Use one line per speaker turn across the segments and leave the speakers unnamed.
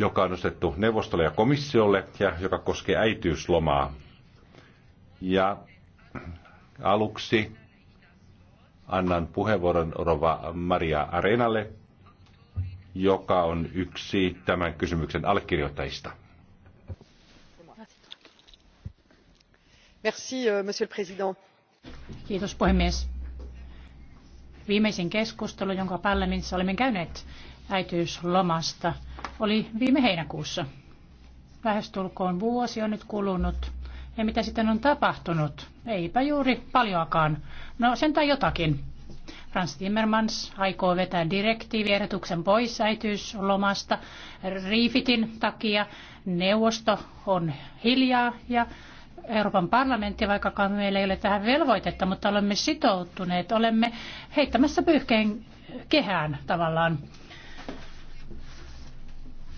joka on nostettu neuvostolle ja komissiolle ja joka koskee äitiyslomaa. Ja aluksi annan puheenvuoron Rova Maria Arenalle, joka on yksi tämän kysymyksen allekirjoittajista. Merci, euh, monsieur le président.
Kiitos puhemies. Viimeisin keskustelu, jonka parlamentissa olemme käyneet, äitiyslomasta oli viime heinäkuussa. Lähestulkoon vuosi on nyt kulunut. Ja mitä sitten on tapahtunut? Eipä juuri paljoakaan. No sen tai jotakin. Franz Timmermans aikoo vetää direktiivierätuksen pois äitiyslomasta Riifitin takia. Neuvosto on hiljaa ja Euroopan parlamentti, vaikkakaan meillä ei ole tähän velvoitetta, mutta olemme sitoutuneet, olemme heittämässä pyyhkeen kehään tavallaan.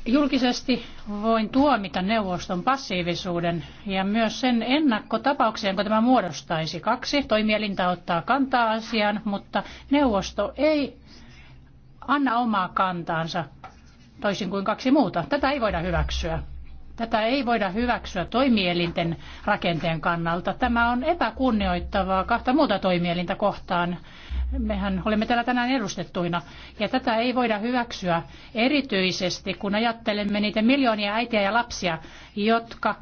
Julkisesti voin tuomita neuvoston passiivisuuden ja myös sen ennakkotapauksen, jonka tämä muodostaisi. Kaksi toimielintä ottaa kantaa asiaan, mutta neuvosto ei anna omaa kantaansa toisin kuin kaksi muuta. Tätä ei voida hyväksyä. Tätä ei voida hyväksyä toimielinten rakenteen kannalta. Tämä on epäkunnioittavaa kahta muuta toimielintä kohtaan. Mehän olemme täällä tänään edustettuina. Ja tätä ei voida hyväksyä erityisesti, kun ajattelemme niitä miljoonia äitiä ja lapsia, jotka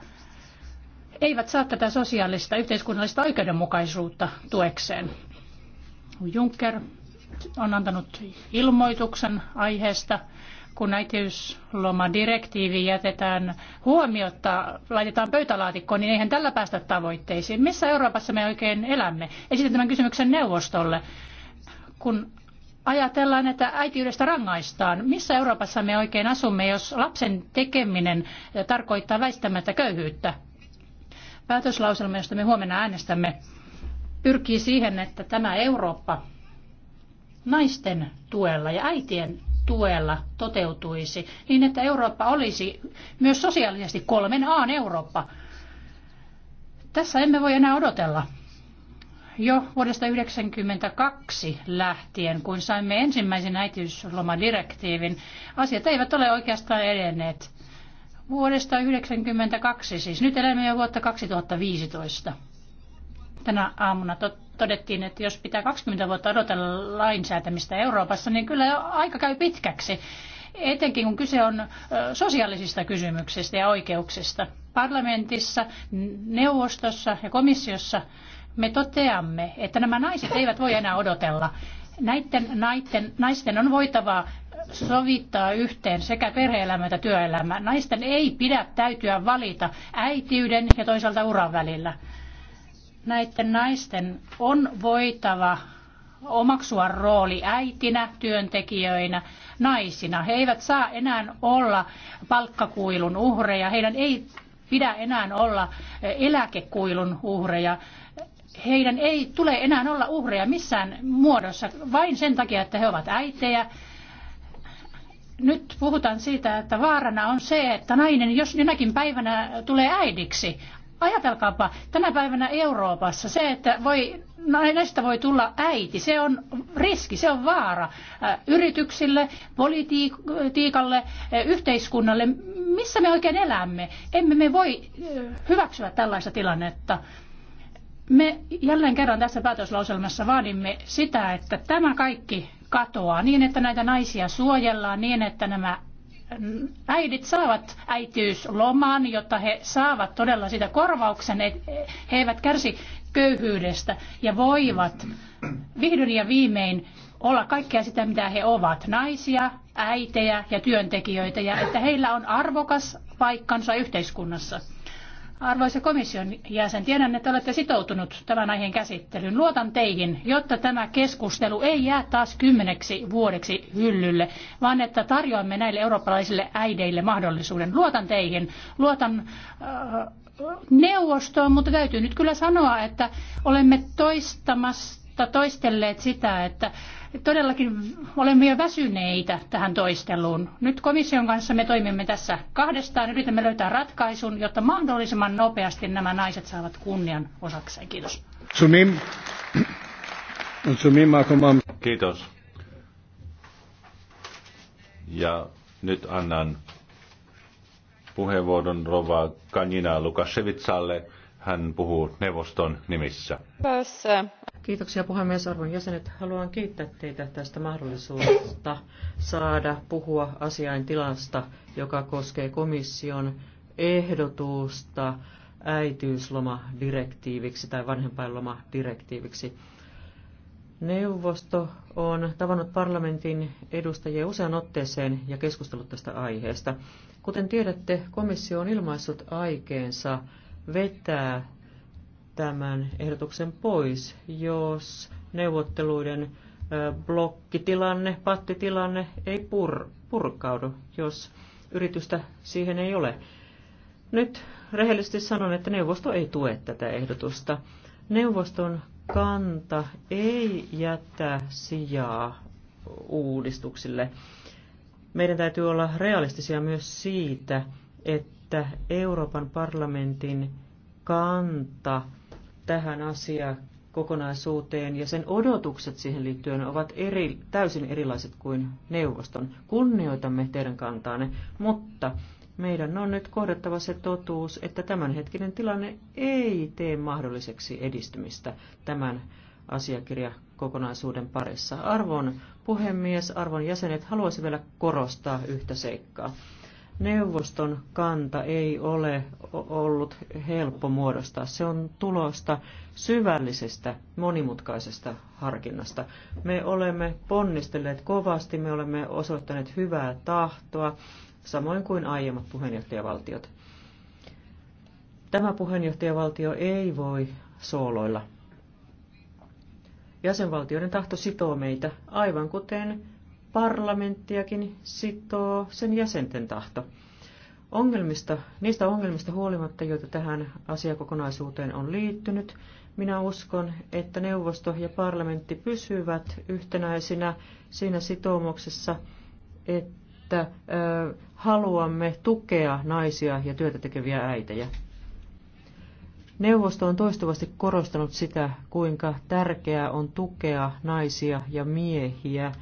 eivät saa tätä sosiaalista yhteiskunnallista oikeudenmukaisuutta tuekseen. Juncker on antanut ilmoituksen aiheesta kun äitiyslomadirektiivi jätetään huomiotta, laitetaan pöytälaatikkoon, niin eihän tällä päästä tavoitteisiin. Missä Euroopassa me oikein elämme? Esitän tämän kysymyksen neuvostolle. Kun ajatellaan, että äitiydestä rangaistaan, missä Euroopassa me oikein asumme, jos lapsen tekeminen tarkoittaa väistämättä köyhyyttä? Päätöslauselma, josta me huomenna äänestämme, pyrkii siihen, että tämä Eurooppa naisten tuella ja äitien tuella toteutuisi, niin että Eurooppa olisi myös sosiaalisesti kolmen aan Eurooppa. Tässä emme voi enää odotella. Jo vuodesta 1992 lähtien, kun saimme ensimmäisen äitiyslomadirektiivin, asiat eivät ole oikeastaan edenneet. Vuodesta 1992 siis. Nyt elämme jo vuotta 2015. Tänä aamuna todettiin, että jos pitää 20 vuotta odotella lainsäätämistä Euroopassa, niin kyllä aika käy pitkäksi, etenkin kun kyse on sosiaalisista kysymyksistä ja oikeuksista. Parlamentissa, neuvostossa ja komissiossa me toteamme, että nämä naiset eivät voi enää odotella. Näiden naisten, naisten on voitava sovittaa yhteen sekä perhe-elämä että työelämä. Naisten ei pidä täytyä valita äitiyden ja toisaalta uran välillä. Näiden naisten on voitava omaksua rooli äitinä, työntekijöinä, naisina. He eivät saa enää olla palkkakuilun uhreja, heidän ei pidä enää olla eh, eläkekuilun uhreja. Heidän ei tule enää olla uhreja missään muodossa vain sen takia, että he ovat äitejä. Nyt puhutaan siitä, että vaarana on se, että nainen jos jonakin päivänä tulee äidiksi. Ajatelkaapa, tänä päivänä Euroopassa se, että voi, no, näistä voi tulla äiti, se on riski, se on vaara äh, yrityksille, politiikalle, äh, yhteiskunnalle. Missä me oikein elämme? Emme me voi äh, hyväksyä tällaista tilannetta. Me jälleen kerran tässä päätöslauselmassa vaadimme sitä, että tämä kaikki katoaa niin, että näitä naisia suojellaan, niin, että nämä äidit saavat äitiysloman, jotta he saavat todella sitä korvauksen, että he eivät kärsi köyhyydestä ja voivat vihdoin ja viimein olla kaikkea sitä, mitä he ovat, naisia, äitejä ja työntekijöitä, ja että heillä on arvokas paikkansa yhteiskunnassa. Arvoisa komission jäsen, tiedän, että olette sitoutunut tämän aiheen käsittelyyn. Luotan teihin, jotta tämä keskustelu ei jää taas kymmeneksi vuodeksi hyllylle, vaan että tarjoamme näille eurooppalaisille äideille mahdollisuuden. Luotan teihin, luotan äh, neuvostoon, mutta täytyy nyt kyllä sanoa, että olemme toistamassa mutta toistelleet sitä, että todellakin olemme jo väsyneitä tähän toisteluun. Nyt komission kanssa me toimimme tässä kahdestaan, yritämme löytää ratkaisun, jotta mahdollisimman nopeasti nämä naiset saavat kunnian osakseen. Kiitos.
Kiitos. Ja nyt annan puheenvuoron Rova Kanjina Lukashevitsalle hän puhuu neuvoston nimissä.
Kiitoksia puhemies arvon jäsenet. Haluan kiittää teitä tästä mahdollisuudesta saada puhua asiain tilasta, joka koskee komission ehdotusta äitiyslomadirektiiviksi tai vanhempainlomadirektiiviksi. Neuvosto on tavannut parlamentin edustajia usean otteeseen ja keskustellut tästä aiheesta. Kuten tiedätte, komissio on ilmaissut aikeensa vetää tämän ehdotuksen pois, jos neuvotteluiden blokkitilanne, pattitilanne ei pur, purkaudu, jos yritystä siihen ei ole. Nyt rehellisesti sanon, että neuvosto ei tue tätä ehdotusta. Neuvoston kanta ei jätä sijaa uudistuksille. Meidän täytyy olla realistisia myös siitä, että että Euroopan parlamentin kanta tähän asiaan kokonaisuuteen ja sen odotukset siihen liittyen ovat eri, täysin erilaiset kuin neuvoston. Kunnioitamme teidän kantaanne, mutta meidän on nyt kohdattava se totuus, että tämänhetkinen tilanne ei tee mahdolliseksi edistymistä tämän asiakirjakokonaisuuden parissa. Arvon puhemies, arvon jäsenet, haluaisin vielä korostaa yhtä seikkaa. Neuvoston kanta ei ole ollut helppo muodostaa. Se on tulosta syvällisestä, monimutkaisesta harkinnasta. Me olemme ponnistelleet kovasti, me olemme osoittaneet hyvää tahtoa, samoin kuin aiemmat puheenjohtajavaltiot. Tämä puheenjohtajavaltio ei voi sooloilla. Jäsenvaltioiden tahto sitoo meitä, aivan kuten parlamenttiakin sitoo sen jäsenten tahto. Ongelmista, niistä ongelmista huolimatta, joita tähän asiakokonaisuuteen on liittynyt, minä uskon, että neuvosto ja parlamentti pysyvät yhtenäisinä siinä sitoumuksessa, että ö, haluamme tukea naisia ja työtä tekeviä äitejä. Neuvosto on toistuvasti korostanut sitä, kuinka tärkeää on tukea naisia ja miehiä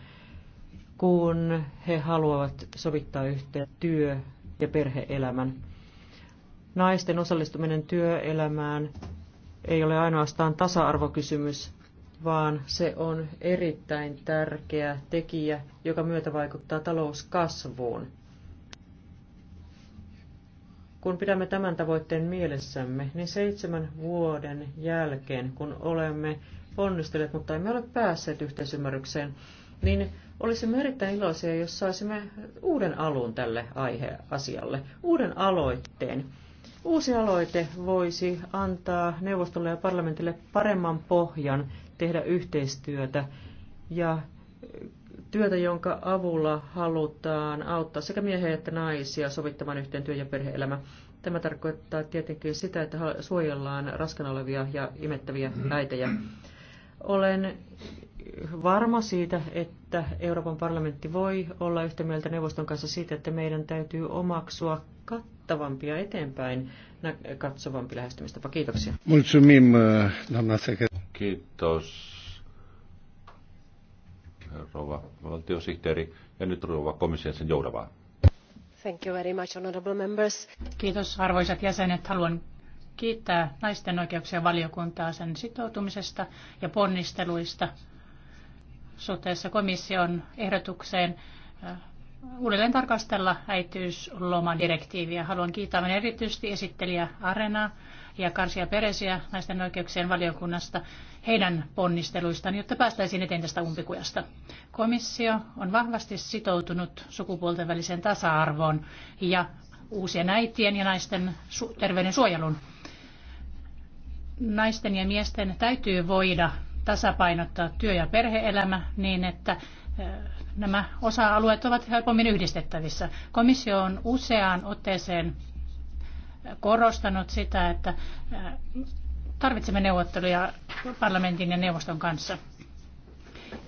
kun he haluavat sovittaa yhteen työ- ja perheelämän. Naisten osallistuminen työelämään ei ole ainoastaan tasa-arvokysymys, vaan se on erittäin tärkeä tekijä, joka myötä vaikuttaa talouskasvuun. Kun pidämme tämän tavoitteen mielessämme, niin seitsemän vuoden jälkeen, kun olemme onnistuneet, mutta emme ole päässeet yhteisymmärrykseen, niin olisimme erittäin iloisia, jos saisimme uuden alun tälle aiheasialle, uuden aloitteen. Uusi aloite voisi antaa neuvostolle ja parlamentille paremman pohjan tehdä yhteistyötä ja työtä, jonka avulla halutaan auttaa sekä miehiä että naisia sovittamaan yhteen työ- ja perhe-elämä. Tämä tarkoittaa tietenkin sitä, että suojellaan raskana olevia ja imettäviä äitejä. Olen varma siitä, että Euroopan parlamentti voi olla yhtä mieltä neuvoston kanssa siitä, että meidän täytyy omaksua kattavampia eteenpäin katsovampi lähestymistapa. Kiitoksia.
Eh, Kiitos, rouva valtiosihteeri. Ja nyt rouva komission sen joudavaa.
Thank you very much, honorable members. Kiitos arvoisat jäsenet. Haluan kiittää naisten oikeuksien valiokuntaa sen sitoutumisesta ja ponnisteluista suhteessa komission ehdotukseen äh, uudelleen tarkastella äitiyslomadirektiiviä. Haluan kiittää erityisesti esittelijä Arena ja Karsia Peresiä naisten oikeuksien valiokunnasta heidän ponnisteluistaan, jotta päästäisiin eteen tästä umpikujasta. Komissio on vahvasti sitoutunut sukupuolten väliseen tasa-arvoon ja uusien äitien ja naisten terveyden suojelun. Naisten ja miesten täytyy voida tasapainottaa työ- ja perheelämä niin, että nämä osa-alueet ovat helpommin yhdistettävissä. Komissio on useaan otteeseen korostanut sitä, että tarvitsemme neuvotteluja parlamentin ja neuvoston kanssa.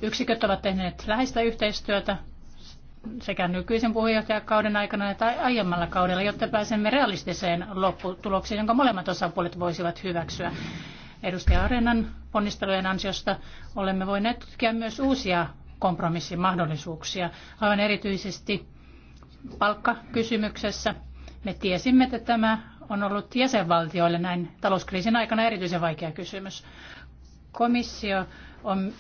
Yksiköt ovat tehneet läheistä yhteistyötä sekä nykyisen puheenjohtajakauden aikana että aiemmalla kaudella, jotta pääsemme realistiseen lopputulokseen, jonka molemmat osapuolet voisivat hyväksyä edustaja Arenan ponnistelujen ansiosta olemme voineet tutkia myös uusia kompromissimahdollisuuksia, aivan erityisesti palkkakysymyksessä. Me tiesimme, että tämä on ollut jäsenvaltioille näin talouskriisin aikana erityisen vaikea kysymys. Komissio on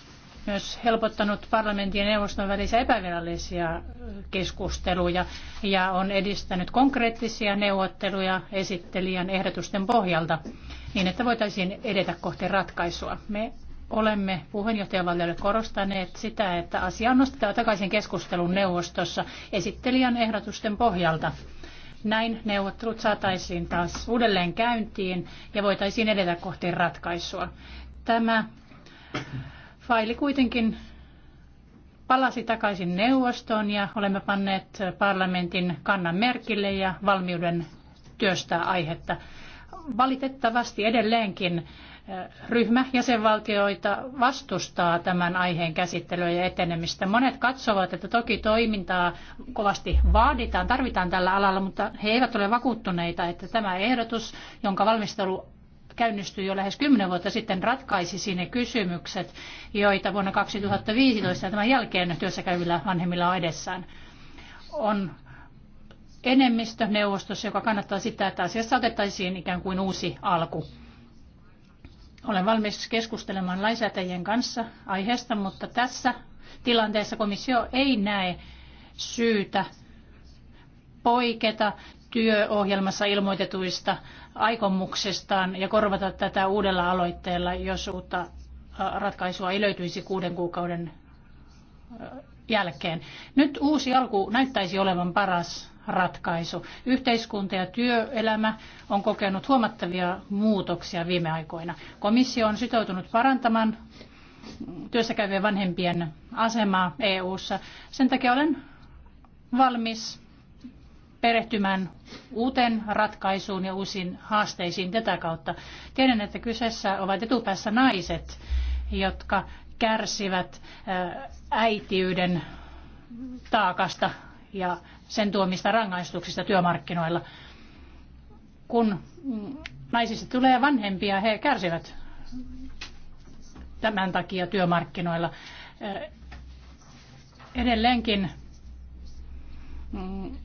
myös helpottanut parlamentin ja neuvoston välisiä epävirallisia keskusteluja ja on edistänyt konkreettisia neuvotteluja esittelijän ehdotusten pohjalta niin, että voitaisiin edetä kohti ratkaisua. Me olemme puheenjohtajavaltiolle korostaneet sitä, että asia nostetaan takaisin keskustelun neuvostossa esittelijän ehdotusten pohjalta. Näin neuvottelut saataisiin taas uudelleen käyntiin ja voitaisiin edetä kohti ratkaisua. Tämä Faili kuitenkin palasi takaisin neuvostoon ja olemme panneet parlamentin kannan merkille ja valmiuden työstää aihetta. Valitettavasti edelleenkin eh, ryhmä jäsenvaltioita vastustaa tämän aiheen käsittelyä ja etenemistä. Monet katsovat, että toki toimintaa kovasti vaaditaan, tarvitaan tällä alalla, mutta he eivät ole vakuuttuneita, että tämä ehdotus, jonka valmistelu käynnistyi jo lähes kymmenen vuotta sitten, ratkaisisi ne kysymykset, joita vuonna 2015 ja tämän jälkeen työssä käyvillä vanhemmilla on edessään. On enemmistö neuvostossa, joka kannattaa sitä, että asiassa otettaisiin ikään kuin uusi alku. Olen valmis keskustelemaan lainsäätäjien kanssa aiheesta, mutta tässä tilanteessa komissio ei näe syytä poiketa työohjelmassa ilmoitetuista aikomuksestaan ja korvata tätä uudella aloitteella, jos uutta ratkaisua ei löytyisi kuuden kuukauden jälkeen. Nyt uusi alku näyttäisi olevan paras ratkaisu. Yhteiskunta ja työelämä on kokenut huomattavia muutoksia viime aikoina. Komissio on sitoutunut parantamaan työssä käyvien vanhempien asemaa EU:ssa. Sen takia olen valmis perehtymään uuteen ratkaisuun ja uusiin haasteisiin tätä kautta. Tiedän, että kyseessä ovat etupäässä naiset, jotka kärsivät äitiyden taakasta ja sen tuomista rangaistuksista työmarkkinoilla. Kun mm, naisista tulee vanhempia, he kärsivät tämän takia työmarkkinoilla. Edelleenkin mm,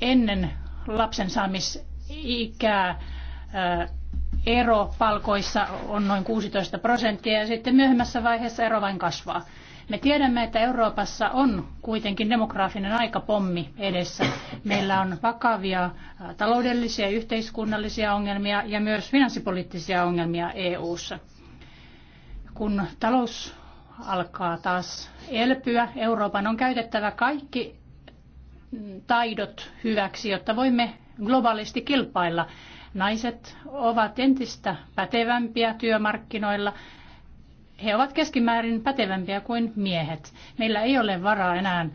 ennen lapsen saamisikää äh, ero palkoissa on noin 16 prosenttia ja sitten myöhemmässä vaiheessa ero vain kasvaa. Me tiedämme, että Euroopassa on kuitenkin demograafinen aikapommi edessä. Meillä on vakavia äh, taloudellisia ja yhteiskunnallisia ongelmia ja myös finanssipoliittisia ongelmia EU:ssa. Kun talous alkaa taas elpyä, Euroopan on käytettävä kaikki taidot hyväksi, jotta voimme globaalisti kilpailla. Naiset ovat entistä pätevämpiä työmarkkinoilla. He ovat keskimäärin pätevämpiä kuin miehet. Meillä ei ole varaa enää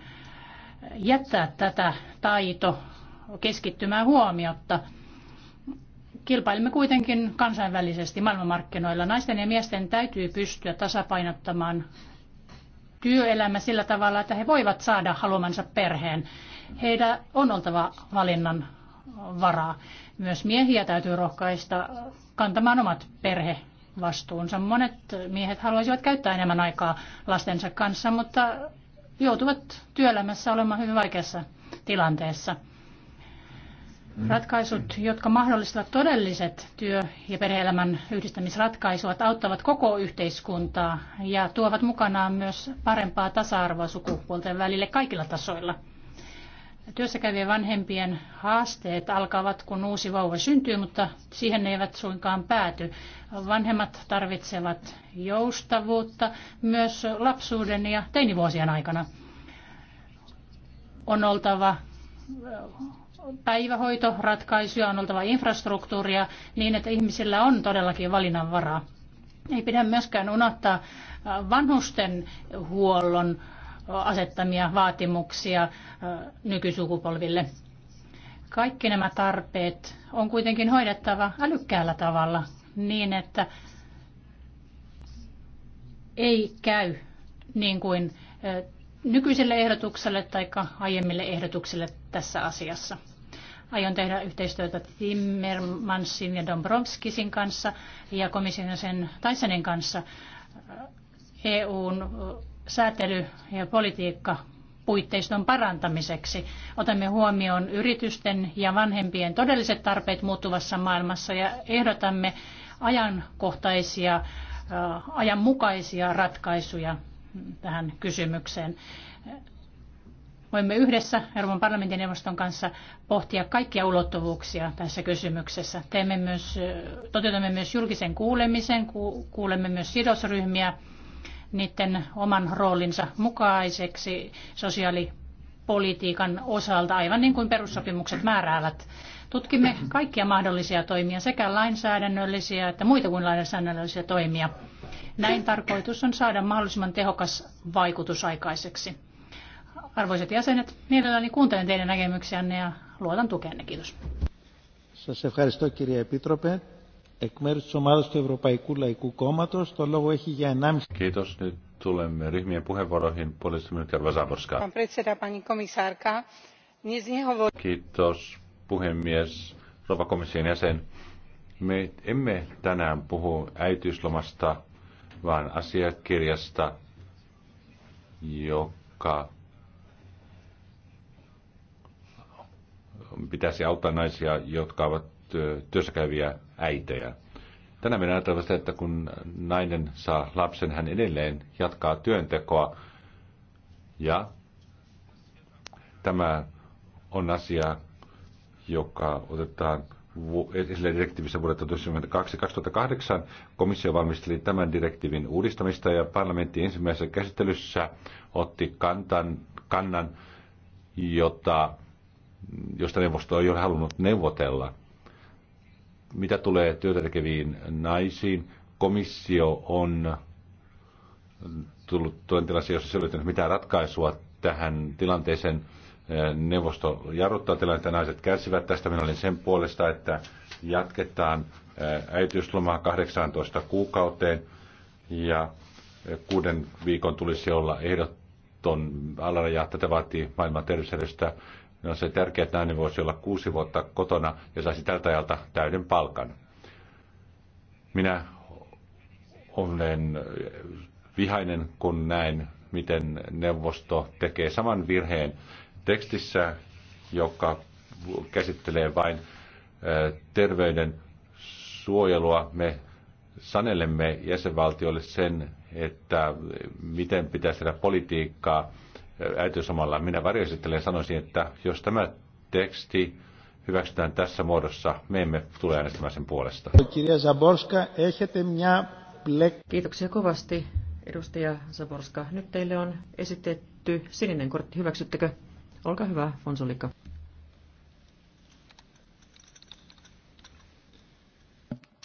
jättää tätä taito keskittymään huomiotta. Kilpailemme kuitenkin kansainvälisesti maailmanmarkkinoilla. Naisten ja miesten täytyy pystyä tasapainottamaan työelämä sillä tavalla, että he voivat saada haluamansa perheen heidän on oltava valinnan varaa. Myös miehiä täytyy rohkaista kantamaan omat perhevastuunsa. Monet miehet haluaisivat käyttää enemmän aikaa lastensa kanssa, mutta joutuvat työelämässä olemaan hyvin vaikeassa tilanteessa. Mm-hmm. Ratkaisut, jotka mahdollistavat todelliset työ- ja perheelämän yhdistämisratkaisut, auttavat koko yhteiskuntaa ja tuovat mukanaan myös parempaa tasa-arvoa sukupuolten välille kaikilla tasoilla. Työssäkävien vanhempien haasteet alkavat, kun uusi vauva syntyy, mutta siihen ne eivät suinkaan pääty. Vanhemmat tarvitsevat joustavuutta myös lapsuuden ja teinivuosien aikana. On oltava äh, päivähoitoratkaisuja, on oltava infrastruktuuria niin, että ihmisillä on todellakin valinnanvaraa. Ei pidä myöskään unohtaa äh, vanhusten huollon asettamia vaatimuksia nykysukupolville. Kaikki nämä tarpeet on kuitenkin hoidettava älykkäällä tavalla niin, että ei käy niin kuin nykyiselle ehdotukselle tai aiemmille ehdotuksille tässä asiassa. Aion tehdä yhteistyötä Timmermansin ja Dombrovskisin kanssa ja komission sen Taisenin kanssa EUn säätely- ja politiikka puitteiston parantamiseksi. Otamme huomioon yritysten ja vanhempien todelliset tarpeet muuttuvassa maailmassa ja ehdotamme ajankohtaisia, ajanmukaisia ratkaisuja tähän kysymykseen. Voimme yhdessä Euroopan parlamentin neuvoston kanssa pohtia kaikkia ulottuvuuksia tässä kysymyksessä. Teemme myös, toteutamme myös julkisen kuulemisen, kuulemme myös sidosryhmiä niiden oman roolinsa mukaiseksi sosiaalipolitiikan osalta, aivan niin kuin perussopimukset määräävät. Tutkimme kaikkia mahdollisia toimia, sekä lainsäädännöllisiä että muita kuin lainsäädännöllisiä toimia. Näin tarkoitus on saada mahdollisimman tehokas vaikutus aikaiseksi. Arvoisat jäsenet, mielelläni kuuntelen teidän näkemyksiänne ja luotan tukeenne. Kiitos.
Σας ευχαριστώ κύριε Εκ μέρου τη ομάδα του Ευρωπαϊκού Λαϊκού Κόμματο, το λόγο έχει για 1,5... Kiitos. και αρβαζάμπορσκα. ryhmien puheenvuoroihin. Puolesta minuuttia Vasaborska. Kiitos puhemies, rouva komission jäsen. Me emme tänään puhu äitiyslomasta, vaan asiakirjasta, joka pitäisi auttaa naisia, jotka ovat työssäkäyviä äitejä. Tänään minä ajatellaan sitä, että kun nainen saa lapsen, hän edelleen jatkaa työntekoa. Ja tämä on asia, joka otetaan esille direktiivissä vuodelta 1992. 2008 komissio valmisteli tämän direktiivin uudistamista ja parlamentti ensimmäisessä käsittelyssä otti kantan, kannan, jota, josta neuvosto ei ole halunnut neuvotella – mitä tulee työtä tekeviin naisiin, komissio on tullut tilanteeseen, jossa se ei löytänyt mitään ratkaisua tähän tilanteeseen. Neuvosto jarruttaa tilannetta, naiset kärsivät tästä. Minä olin sen puolesta, että jatketaan äitiyslomaa 18 kuukauteen ja kuuden viikon tulisi olla ehdoton alaraja. Tätä vaatii maailman terveysjärjestöä niin no, on se tärkeää, että nainen voisi olla kuusi vuotta kotona ja saisi tältä ajalta täyden palkan. Minä olen vihainen, kun näen, miten neuvosto tekee saman virheen tekstissä, joka käsittelee vain terveyden suojelua. Me sanelemme jäsenvaltiolle sen, että miten pitäisi tehdä politiikkaa – äitiysomalla. Minä varjoesittelen sanoisin, että jos tämä teksti hyväksytään tässä muodossa, me emme tule äänestämään sen puolesta.
Kiitoksia kovasti, edustaja Zaborska. Nyt teille on esitetty sininen kortti. Hyväksyttekö? Olkaa hyvä, Fonsolika.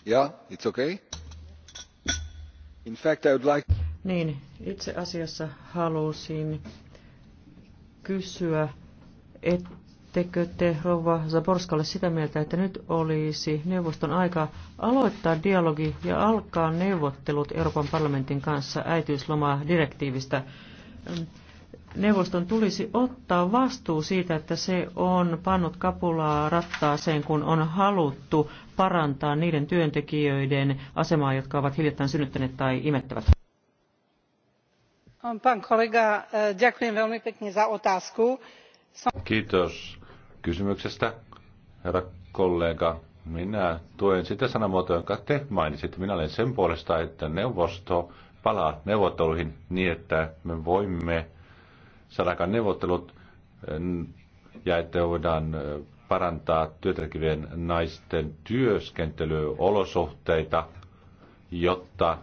Yeah, it's okay. In fact, I would like...
Niin, itse asiassa halusin kysyä, ettekö te rouva Zaborskalle sitä mieltä, että nyt olisi neuvoston aika aloittaa dialogi ja alkaa neuvottelut Euroopan parlamentin kanssa äitiyslomaa direktiivistä. Neuvoston tulisi ottaa vastuu siitä, että se on pannut kapulaa rattaaseen, kun on haluttu parantaa niiden työntekijöiden asemaa, jotka ovat hiljattain synnyttäneet tai imettävät
pán ďakujem veľmi pekne za otázku.
Kiitos kysymyksestä, herra kollega. Minä tuen sitä sanamuotoa, jonka te mainitsitte. Minä olen sen puolesta, että neuvosto palaa neuvotteluihin niin, että me voimme saada neuvottelut ja että voidaan e, parantaa työtäkivien naisten työskentelyolosuhteita, jotta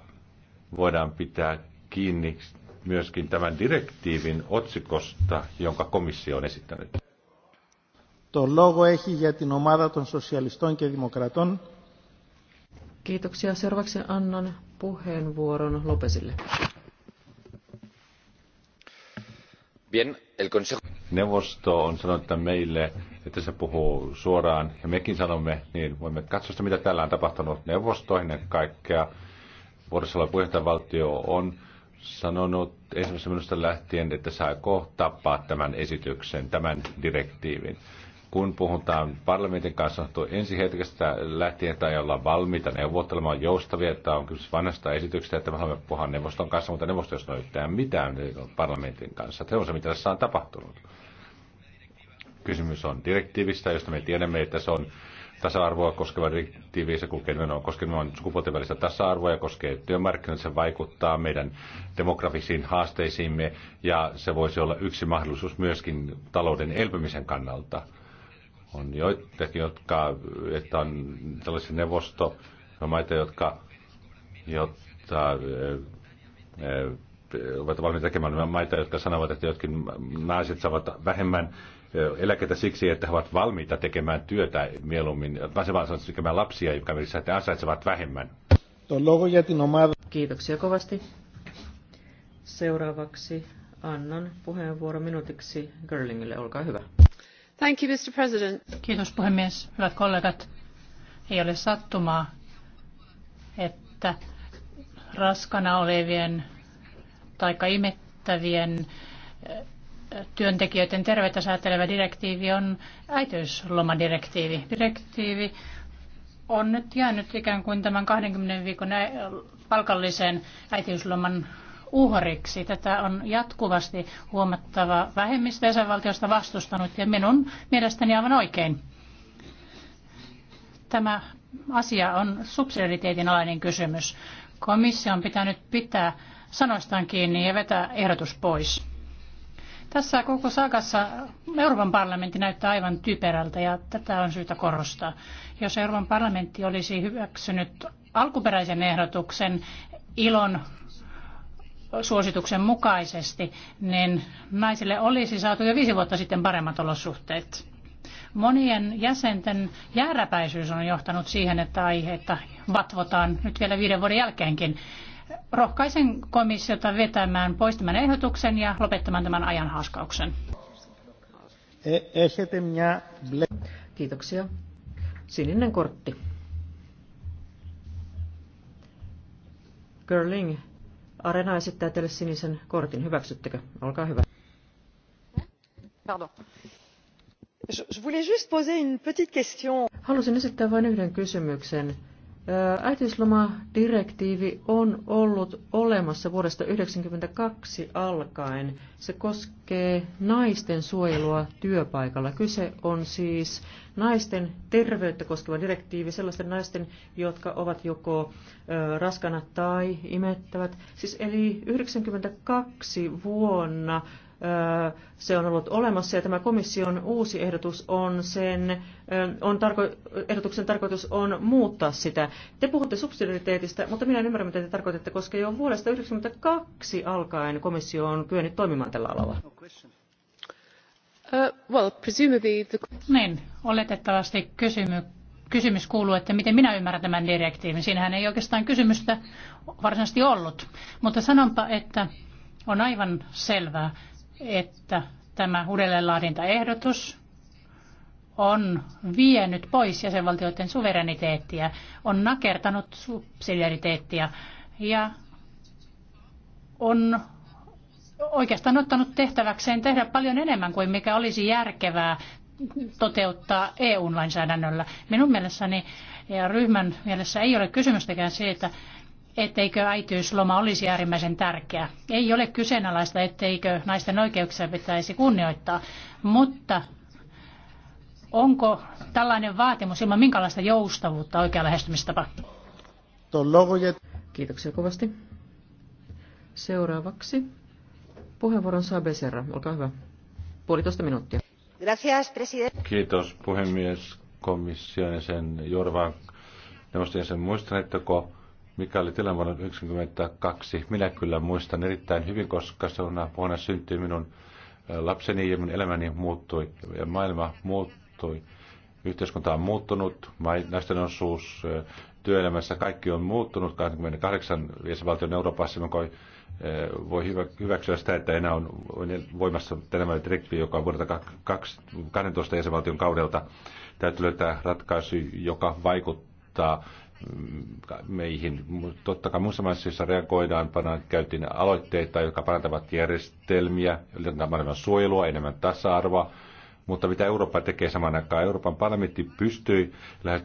voidaan pitää kiinni myöskin tämän direktiivin otsikosta, jonka komissio on esittänyt. To logo έχει ja την ομάδα των Σοσιαλιστών και
Kiitoksia. Seuraavaksi annan puheenvuoron Lopesille.
Bien, el consejo... Neuvosto on sanonut että meille, että se puhuu suoraan, ja mekin sanomme, niin voimme katsoa sitä, mitä täällä on tapahtunut neuvosto ennen kaikkea. Vuodessa olla puheenjohtajavaltio on sanonut ensimmäisestä minusta lähtien, että kohta tappaa tämän esityksen, tämän direktiivin. Kun puhutaan parlamentin kanssa, on ensi hetkestä lähtien, että olla valmiita neuvottelemaan joustavia, että on kyse vanhasta esityksestä, että me haluamme puhua neuvoston kanssa, mutta neuvosto ei sano yhtään mitään parlamentin kanssa. Se on se, mitä tässä on tapahtunut. Kysymys on direktiivistä, josta me tiedämme, että se on tasa-arvoa koskeva direktiivi, se kulkee nimenomaan koskemaan sukupuolten välistä tasa-arvoa ja koskee työmarkkinoita, se vaikuttaa meidän demografisiin haasteisiimme ja se voisi olla yksi mahdollisuus myöskin talouden elpymisen kannalta. On joitakin, jotka, että on tällaisia neuvosto, maita, jotka, jotta ovat valmiita tekemään maita, jotka sanovat, että jotkin naiset saavat vähemmän eläkettä siksi, että he ovat valmiita tekemään työtä mieluummin, vaan tekemään lapsia, jotka he ansaitsevat vähemmän.
Kiitoksia kovasti. Seuraavaksi annan puheenvuoron minuutiksi Görlingille. Olkaa hyvä.
Thank you, Mr. President. Kiitos puhemies. Hyvät kollegat, ei ole sattumaa, että raskana olevien tai imettävien työntekijöiden terveyttä säätelevä direktiivi on äitiyslomadirektiivi. Direktiivi on nyt jäänyt ikään kuin tämän 20 viikon palkallisen äitiysloman uhriksi. Tätä on jatkuvasti huomattava vähemmistö jäsenvaltiosta vastustanut ja minun mielestäni aivan oikein. Tämä asia on subsidiariteetin alainen kysymys. Komissio on pitänyt pitää sanoistaan kiinni ja vetää ehdotus pois. Tässä koko saakassa Euroopan parlamentti näyttää aivan typerältä ja tätä on syytä korostaa. Jos Euroopan parlamentti olisi hyväksynyt alkuperäisen ehdotuksen ilon suosituksen mukaisesti, niin naisille olisi saatu jo viisi vuotta sitten paremmat olosuhteet. Monien jäsenten jääräpäisyys on johtanut siihen, että aihetta vatvotaan nyt vielä viiden vuoden jälkeenkin. Rohkaisen komissiota vetämään pois tämän ehdotuksen ja lopettamaan tämän ajan haaskauksen.
E, Kiitoksia. Sininen kortti. Girling, Arena esittää teille sinisen kortin. Hyväksyttekö? Olkaa hyvä. Pardon. Je voulais juste poser une petite question. Halusin esittää vain yhden kysymyksen Äitiyslomadirektiivi on ollut olemassa vuodesta 1992 alkaen. Se koskee naisten suojelua työpaikalla. Kyse on siis naisten terveyttä koskeva direktiivi, sellaisten naisten, jotka ovat joko raskana tai imettävät. Siis eli 1992 vuonna se on ollut olemassa ja tämä komission uusi ehdotus on sen, on tarko- ehdotuksen tarkoitus on muuttaa sitä. Te puhutte subsidiariteetistä, mutta minä en ymmärrä, mitä te tarkoitatte, koska jo vuodesta 1992 alkaen komissio on kyennyt toimimaan tällä alalla. No uh,
well, presumably the... Niin, oletettavasti kysymy, kysymys kuuluu, että miten minä ymmärrän tämän direktiivin. Siinähän ei oikeastaan kysymystä varsinaisesti ollut, mutta sanonpa, että on aivan selvää että tämä uudelleenlaadintaehdotus on vienyt pois jäsenvaltioiden suvereniteettia, on nakertanut subsidiariteettia ja on oikeastaan ottanut tehtäväkseen tehdä paljon enemmän kuin mikä olisi järkevää toteuttaa EU-lainsäädännöllä. Minun mielessäni ja ryhmän mielessä ei ole kysymystäkään siitä, etteikö äitiysloma olisi äärimmäisen tärkeä. Ei ole kyseenalaista, etteikö naisten oikeuksia pitäisi kunnioittaa, mutta onko tällainen vaatimus ilman minkälaista joustavuutta oikea lähestymistapa?
Kiitoksia kovasti.
Seuraavaksi
puheenvuoron saa Becerra. Olkaa hyvä. Puolitoista minuuttia.
Gracias,
Kiitos puhemies komission ja sen Jorvan neuvoston jäsen. Muistan, että kun mikä oli tilanne vuonna 1992. Minä kyllä muistan erittäin hyvin, koska se on vuonna syntyi minun äh, lapseni ja minun elämäni muuttui ja maailma muuttui. Yhteiskunta on muuttunut, naisten osuus äh, työelämässä, kaikki on muuttunut. 28 jäsenvaltion Euroopassa me äh, voi hyväksyä sitä, että enää on voimassa tämä direktiivi, joka on vuodelta 12 jäsenvaltion kaudelta. Täytyy löytää ratkaisu, joka vaikuttaa meihin. Totta kai muissa maissa, reagoidaan, pannaan käytiin aloitteita, jotka parantavat järjestelmiä, enemmän suojelua, enemmän tasa-arvoa. Mutta mitä Eurooppa tekee saman aikaan? Euroopan parlamentti pystyi lähes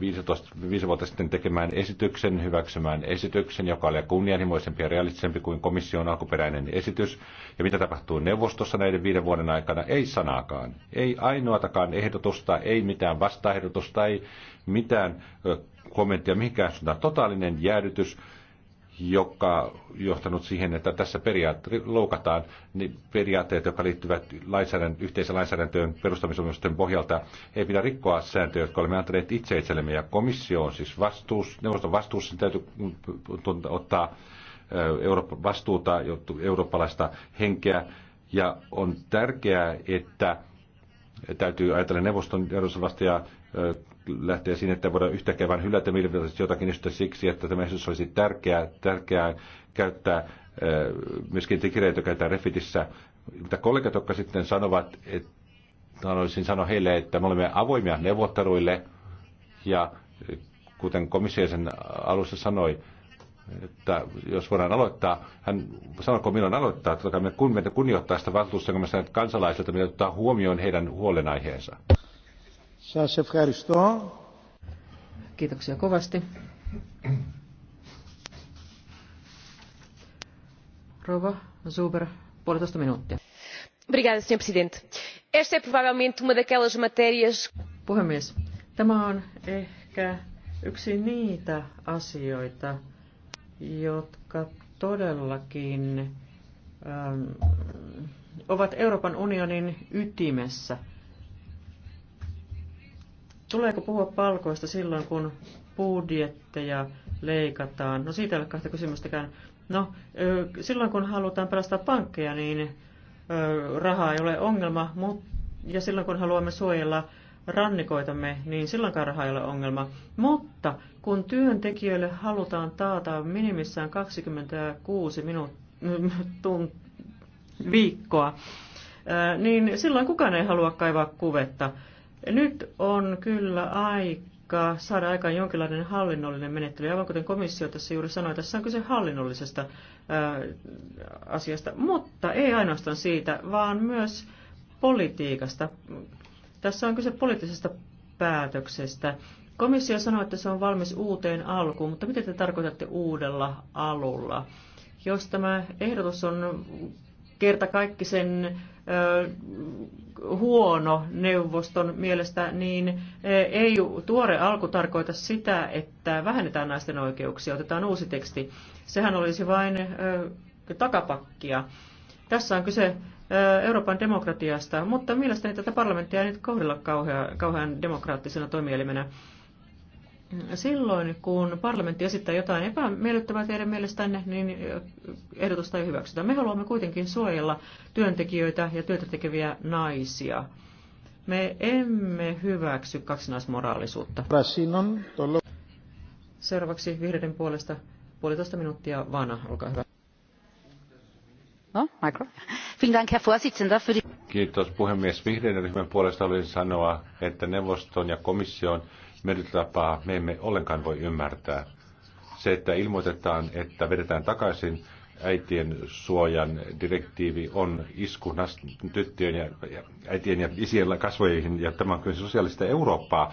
15, 5 vuotta sitten tekemään esityksen, hyväksymään esityksen, joka oli kunnianhimoisempi ja realistisempi kuin komission alkuperäinen esitys. Ja mitä tapahtuu neuvostossa näiden viiden vuoden aikana? Ei sanaakaan. Ei ainoatakaan ehdotusta, ei mitään vastaehdotusta, ei mitään kommenttia mihinkään suuntaan. Totaalinen jäädytys, joka johtanut siihen, että tässä periaate, loukataan niin periaatteet, jotka liittyvät lainsäädäntö, yhteisen lainsäädäntöön perustamisomistusten pohjalta. Ei pidä rikkoa sääntöjä, jotka olemme antaneet itse itsellemme. Ja komissio on siis vastuus, neuvoston vastuussa, täytyy ottaa Eurooppa, vastuuta, eurooppalaista henkeä. Ja on tärkeää, että täytyy ajatella neuvoston ja lähtee siinä, että voidaan yhtäkkiä vain hylätä mielipiteellisesti jotakin ystä siksi, että tämä esitys olisi tärkeää, tärkeää käyttää myöskin tekireitä, jotka käytetään refitissä. Mitä kollegat, jotka sitten sanovat, että haluaisin sanoa heille, että me olemme avoimia neuvotteluille ja kuten komissio sen alussa sanoi, että jos voidaan aloittaa, hän sanoi milloin aloittaa, että kun me kunnioittaa sitä valtuusta, kun me kansalaisilta, me ottaa huomioon heidän huolenaiheensa. Σας
ευχαριστώ. Kiitoksia kovasti. Rova Zuber, puolitoista minuuttia.
Obrigada, Sr. Presidente. Esta é provavelmente uma daquelas matérias...
Puhemies, tämä on ehkä yksi niitä asioita, jotka todellakin ähm, ovat Euroopan unionin ytimessä – Tuleeko puhua palkoista silloin, kun budjetteja leikataan? No siitä ei ole kahta kysymystäkään. No, silloin kun halutaan pelastaa pankkeja, niin rahaa ei ole ongelma, ja silloin kun haluamme suojella rannikoitamme, niin silloinkaan raha ei ole ongelma. Mutta kun työntekijöille halutaan taata minimissään 26 minuuttia viikkoa, niin silloin kukaan ei halua kaivaa kuvetta. Nyt on kyllä aika saada aikaan jonkinlainen hallinnollinen menettely. Aivan kuten komissio tässä juuri sanoi, tässä on kyse hallinnollisesta ää, asiasta, mutta ei ainoastaan siitä, vaan myös politiikasta. Tässä on kyse poliittisesta päätöksestä. Komissio sanoi, että se on valmis uuteen alkuun, mutta mitä te tarkoitatte uudella alulla? Jos tämä ehdotus on kerta kaikki sen huono neuvoston mielestä, niin eh, ei tuore alku tarkoita sitä, että vähennetään naisten oikeuksia, otetaan uusi teksti. Sehän olisi vain eh, takapakkia. Tässä on kyse eh, Euroopan demokratiasta, mutta mielestäni tätä parlamenttia ei nyt kohdella kauhean, kauhean demokraattisena toimielimenä. Silloin, kun parlamentti esittää jotain epämiellyttävää teidän mielestänne, niin ehdotusta ei hyväksytä. Me haluamme kuitenkin suojella työntekijöitä ja työtä tekeviä naisia. Me emme hyväksy kaksinaismoraalisuutta. Seuraavaksi vihreiden puolesta puolitoista minuuttia Vana, olkaa hyvä.
No, micro.
Kiitos puhemies. Vihreiden ryhmän puolesta olisin sanoa, että neuvoston ja komission menettelytapaa me emme ollenkaan voi ymmärtää. Se, että ilmoitetaan, että vedetään takaisin äitien suojan direktiivi on isku tyttöjen ja äitien ja isien kasvoihin, ja tämä on kyllä sosiaalista Eurooppaa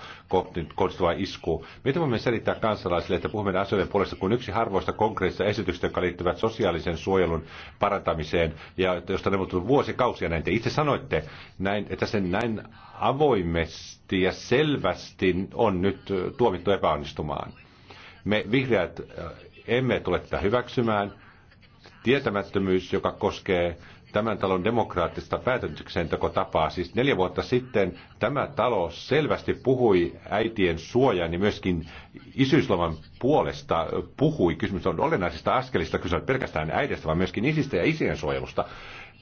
kohdistuva isku. Miten voimme selittää kansalaisille, että puhumme asioiden puolesta kuin yksi harvoista konkreettista esityksistä, jotka liittyvät sosiaalisen suojelun parantamiseen, ja josta ne neuvottu vuosikausia näin. Te itse sanoitte, näin, että sen näin avoimesti ja selvästi on nyt tuomittu epäonnistumaan. Me vihreät äh, emme tule tätä hyväksymään tietämättömyys, joka koskee tämän talon demokraattista päätöksentekotapaa. Siis neljä vuotta sitten tämä talo selvästi puhui äitien suojaan ja myöskin isyysloman puolesta puhui. Kysymys on olennaisista askelista, kysymys on pelkästään äidestä, vaan myöskin isistä ja isien suojelusta.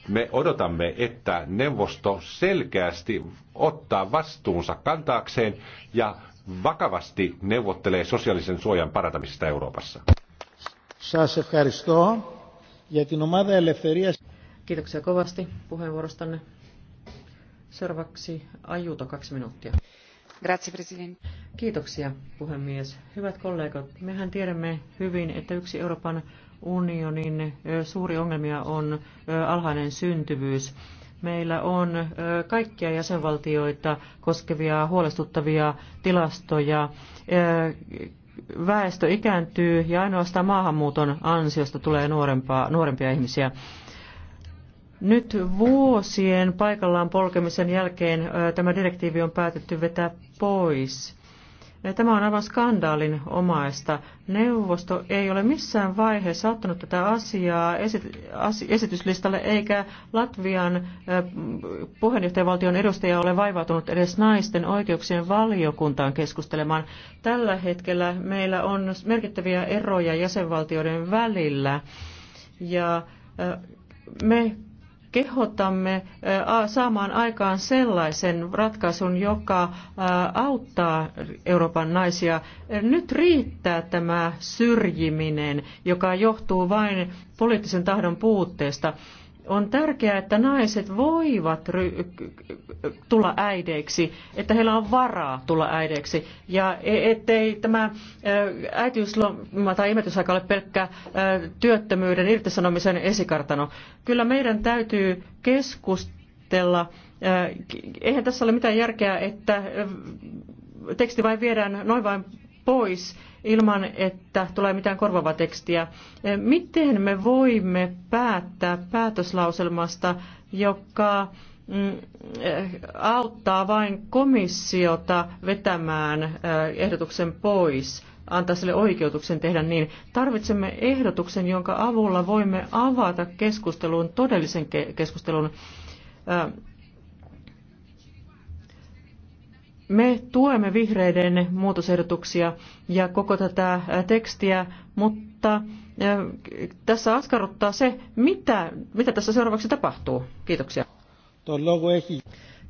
Me odotamme, että neuvosto selkeästi ottaa vastuunsa kantaakseen ja vakavasti neuvottelee sosiaalisen suojan parantamisesta Euroopassa.
Σας ευχαριστώ. Για την ομάδα ελευθερίας... Kiitoksia kovasti puheenvuorostanne. Seuraavaksi Ajuto, kaksi minuuttia. Grazie, president. Kiitoksia, puhemies. Hyvät kollegat, mehän tiedämme hyvin, että yksi Euroopan unionin suuri ongelmia on alhainen syntyvyys. Meillä on kaikkia jäsenvaltioita koskevia huolestuttavia tilastoja väestö ikääntyy ja ainoastaan maahanmuuton ansiosta tulee nuorempaa, nuorempia ihmisiä. Nyt vuosien paikallaan polkemisen jälkeen tämä direktiivi on päätetty vetää pois. Tämä on aivan skandaalin omaista. Neuvosto ei ole missään vaiheessa ottanut tätä asiaa esityslistalle, eikä Latvian puheenjohtajavaltion edustaja ole vaivautunut edes naisten oikeuksien valiokuntaan keskustelemaan. Tällä hetkellä meillä on merkittäviä eroja jäsenvaltioiden välillä, ja me kehotamme saamaan aikaan sellaisen ratkaisun, joka auttaa Euroopan naisia. Nyt riittää tämä syrjiminen, joka johtuu vain poliittisen tahdon puutteesta on tärkeää, että naiset voivat tulla äideiksi, että heillä on varaa tulla äideiksi. Ja e- ettei tämä äitiysloma tai imetysaika ole pelkkä työttömyyden irtisanomisen esikartano. Kyllä meidän täytyy keskustella. Eihän tässä ole mitään järkeä, että teksti vain viedään noin vain pois ilman, että tulee mitään korvavaa tekstiä. Eh, miten me voimme päättää päätöslauselmasta, joka mm, eh, auttaa vain komissiota vetämään eh, ehdotuksen pois, antaa sille oikeutuksen tehdä niin. Tarvitsemme ehdotuksen, jonka avulla voimme avata keskustelun, todellisen keskustelun Me tuemme vihreiden muutosehdotuksia ja koko tätä tekstiä, mutta tässä askarruttaa se, mitä, mitä tässä seuraavaksi tapahtuu. Kiitoksia.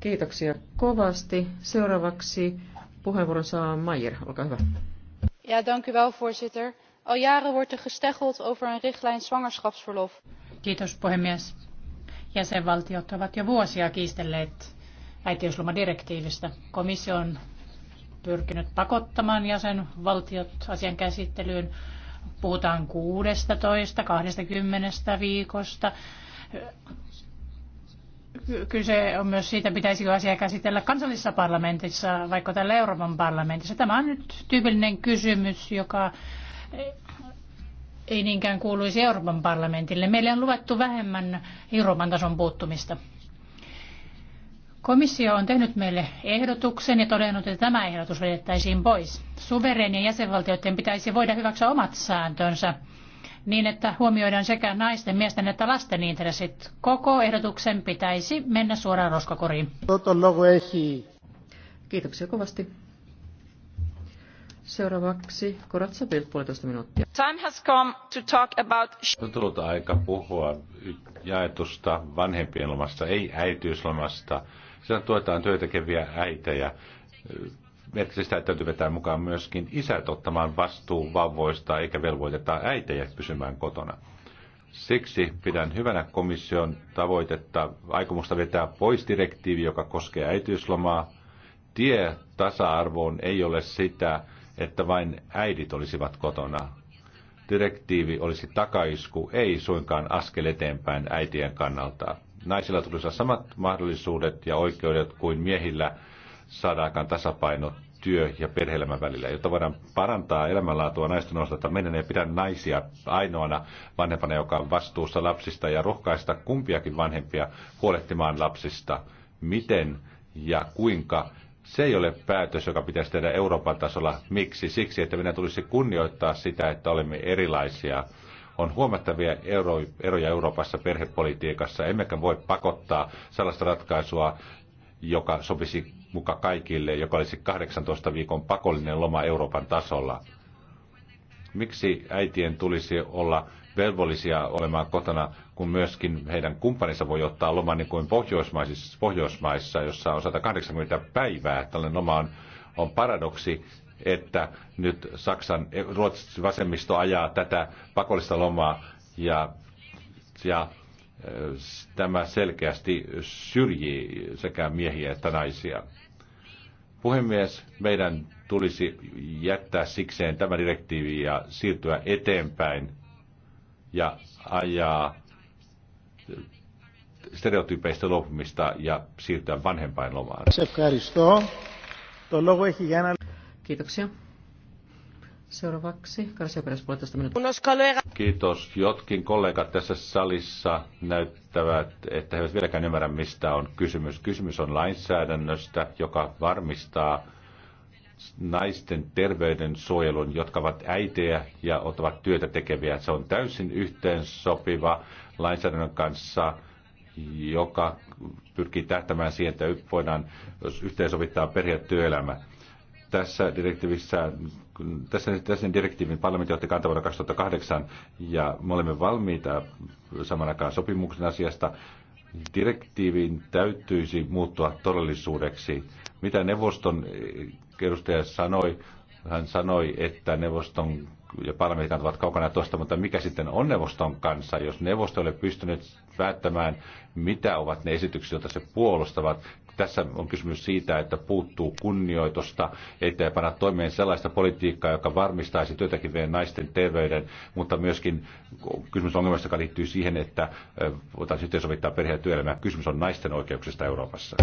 Kiitoksia kovasti. Seuraavaksi puheenvuoron
saa Maier. Olkaa hyvä. Ja, dank u wel, voorzitter. Al jaren wordt er gesteggeld over een richtlijn zwangerschapsverlof. Kiitos, puhemies. Jäsenvaltiot ovat jo vuosia kiistelleet äitiyslomadirektiivistä. Komissio on pyrkinyt pakottamaan jäsenvaltiot asian käsittelyyn. Puhutaan 16, 20 viikosta. Kyse on myös siitä, pitäisikö asiaa käsitellä kansallisessa parlamentissa, vaikka täällä Euroopan parlamentissa. Tämä on nyt tyypillinen kysymys, joka ei niinkään kuuluisi Euroopan parlamentille. Meille on luvattu vähemmän Euroopan tason puuttumista. Komissio on tehnyt meille ehdotuksen ja todennut, että tämä ehdotus vedettäisiin pois. Suvereenien jäsenvaltioiden pitäisi voida hyväksyä omat sääntönsä niin, että huomioidaan sekä naisten, miesten että lasten intressit. Koko ehdotuksen pitäisi mennä suoraan roskakoriin.
Kiitoksia kovasti. Seuraavaksi Koratsa Bild, puolitoista minuuttia.
Time has come to
talk
about... On tullut aika puhua jaetusta vanhempien lomasta, ei äitiyslomasta, siellä tuetaan työtekeviä äitejä. Merkitsee sitä, että täytyy vetää mukaan myöskin isät ottamaan vastuu vauvoista, eikä velvoiteta äitejä pysymään kotona. Siksi pidän hyvänä komission tavoitetta aikomusta vetää pois direktiivi, joka koskee äitiyslomaa. Tie tasa-arvoon ei ole sitä, että vain äidit olisivat kotona. Direktiivi olisi takaisku, ei suinkaan askel eteenpäin äitien kannalta naisilla tulisi olla samat mahdollisuudet ja oikeudet kuin miehillä saada aikaan tasapaino työ- ja perheelämän välillä. Jotta voidaan parantaa elämänlaatua naisten osalta, meidän ei pidä naisia ainoana vanhempana, joka on vastuussa lapsista ja rohkaista kumpiakin vanhempia huolehtimaan lapsista. Miten ja kuinka se ei ole päätös, joka pitäisi tehdä Euroopan tasolla. Miksi? Siksi, että meidän tulisi kunnioittaa sitä, että olemme erilaisia. On huomattavia eroja Euroopassa perhepolitiikassa, emmekä voi pakottaa sellaista ratkaisua, joka sopisi muka kaikille, joka olisi 18 viikon pakollinen loma Euroopan tasolla. Miksi äitien tulisi olla velvollisia olemaan kotona, kun myöskin heidän kumppaninsa voi ottaa loman niin kuin Pohjoismaissa, Pohjoismaissa jossa on 180 päivää. Tällainen loma on, on paradoksi, että nyt Saksan, Ruotsin vasemmisto ajaa tätä pakollista lomaa ja, ja tämä selkeästi syrjii sekä miehiä että naisia. Puhemies, meidän tulisi jättää sikseen tämä direktiivi ja siirtyä eteenpäin ja ajaa stereotypeista luopumista ja siirtyä vanhempainlomaan.
Kiitoksia. Seuraavaksi Karsia Peräs puolitoista minuuttia.
Kiitos. Jotkin kollegat tässä salissa näyttävät, että he eivät vieläkään ymmärrä, mistä on kysymys. Kysymys on lainsäädännöstä, joka varmistaa naisten terveyden suojelun, jotka ovat äitejä ja ottavat työtä tekeviä. Se on täysin yhteen sopiva lainsäädännön kanssa, joka pyrkii tähtämään siihen, että voidaan yhteensovittaa perhe ja työelämä tässä direktiivissä, tässä, tässä direktiivin parlamentti otti kanta vuonna 2008 ja me olemme valmiita saman aikaan sopimuksen asiasta. Direktiivin täytyisi muuttua todellisuudeksi. Mitä neuvoston edustaja sanoi, hän sanoi, että neuvoston ja parlamentin ovat kaukana tuosta, mutta mikä sitten on neuvoston kanssa, jos neuvosto ei ole pystynyt päättämään, mitä ovat ne esitykset, joita se puolustavat, tässä on kysymys siitä, että puuttuu kunnioitusta, ettei panna toimeen sellaista politiikkaa, joka varmistaisi työtäkin naisten terveyden, mutta myöskin kysymys ongelmasta, joka liittyy siihen, että voitaisiin sovittaa perhe- ja työelämää. Kysymys on naisten oikeuksista Euroopassa.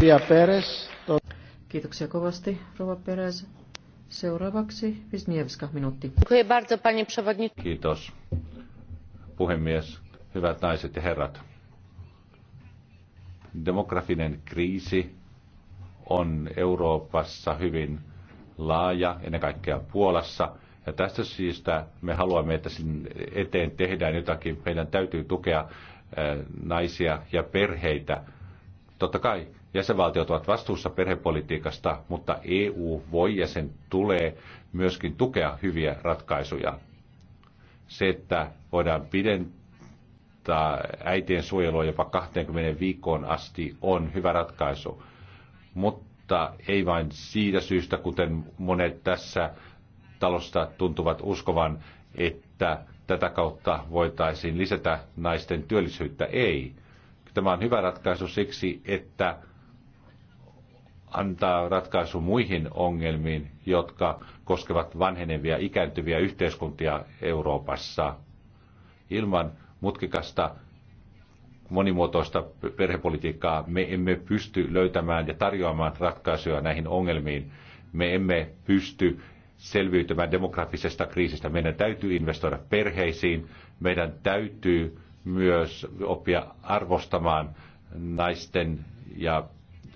Kiitoksia kovasti, Rova Perez. Seuraavaksi Visnievska, minuutti.
Kiitos, puhemies. Hyvät naiset ja herrat demografinen kriisi on Euroopassa hyvin laaja, ennen kaikkea Puolassa. Ja tästä syystä me haluamme, että sinne eteen tehdään jotakin. Meidän täytyy tukea äh, naisia ja perheitä. Totta kai jäsenvaltiot ovat vastuussa perhepolitiikasta, mutta EU voi ja sen tulee myöskin tukea hyviä ratkaisuja. Se, että voidaan pidentää äitien suojelua jopa 20 viikkoon asti, on hyvä ratkaisu – mutta ei vain siitä syystä, kuten monet tässä talosta tuntuvat uskovan, että tätä kautta voitaisiin lisätä naisten työllisyyttä. Ei. Tämä on hyvä ratkaisu siksi, että antaa ratkaisu muihin ongelmiin, jotka koskevat vanhenevia, ikääntyviä yhteiskuntia Euroopassa. Ilman mutkikasta monimuotoista perhepolitiikkaa, me emme pysty löytämään ja tarjoamaan ratkaisuja näihin ongelmiin. Me emme pysty selviytymään demografisesta kriisistä. Meidän täytyy investoida perheisiin, meidän täytyy myös oppia arvostamaan naisten ja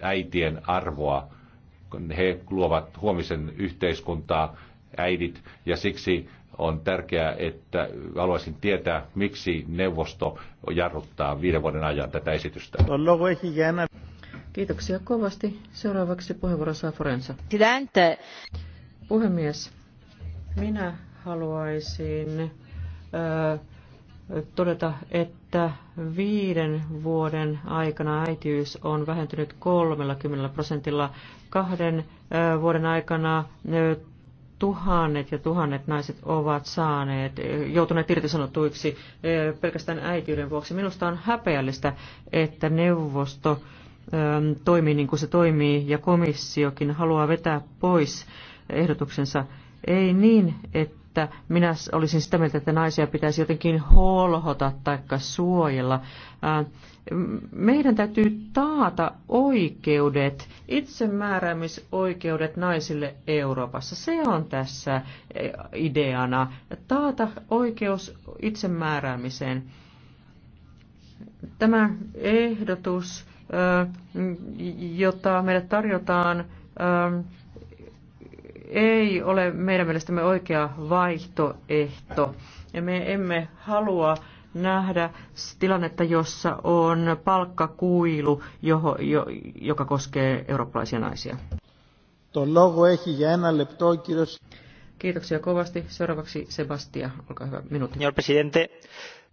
äitien arvoa. He luovat huomisen yhteiskuntaa, äidit, ja siksi on tärkeää, että haluaisin tietää, miksi neuvosto jarruttaa viiden vuoden ajan tätä esitystä.
Kiitoksia kovasti. Seuraavaksi puheenvuoro saa Forensa. Puhemies, minä haluaisin ö, todeta, että viiden vuoden aikana äitiys on vähentynyt 30 prosentilla. Kahden ö, vuoden aikana ö, tuhannet ja tuhannet naiset ovat saaneet, joutuneet irtisanotuiksi eh, pelkästään äitiyden vuoksi. Minusta on häpeällistä, että neuvosto eh, toimii niin kuin se toimii ja komissiokin haluaa vetää pois ehdotuksensa. Ei niin, että että minä olisin sitä mieltä, että naisia pitäisi jotenkin holhota tai suojella. Meidän täytyy taata oikeudet, itsemääräämisoikeudet naisille Euroopassa. Se on tässä ideana. Taata oikeus itsemääräämiseen. Tämä ehdotus, jota meille tarjotaan, ei ole meidän mielestämme oikea vaihtoehto. Ja me emme halua nähdä tilannetta, jossa on palkkakuilu, joho, jo, joka koskee eurooppalaisia naisia. Kiitoksia kovasti. Seuraavaksi Sebastia, olkaa hyvä,
minuutti. presidente.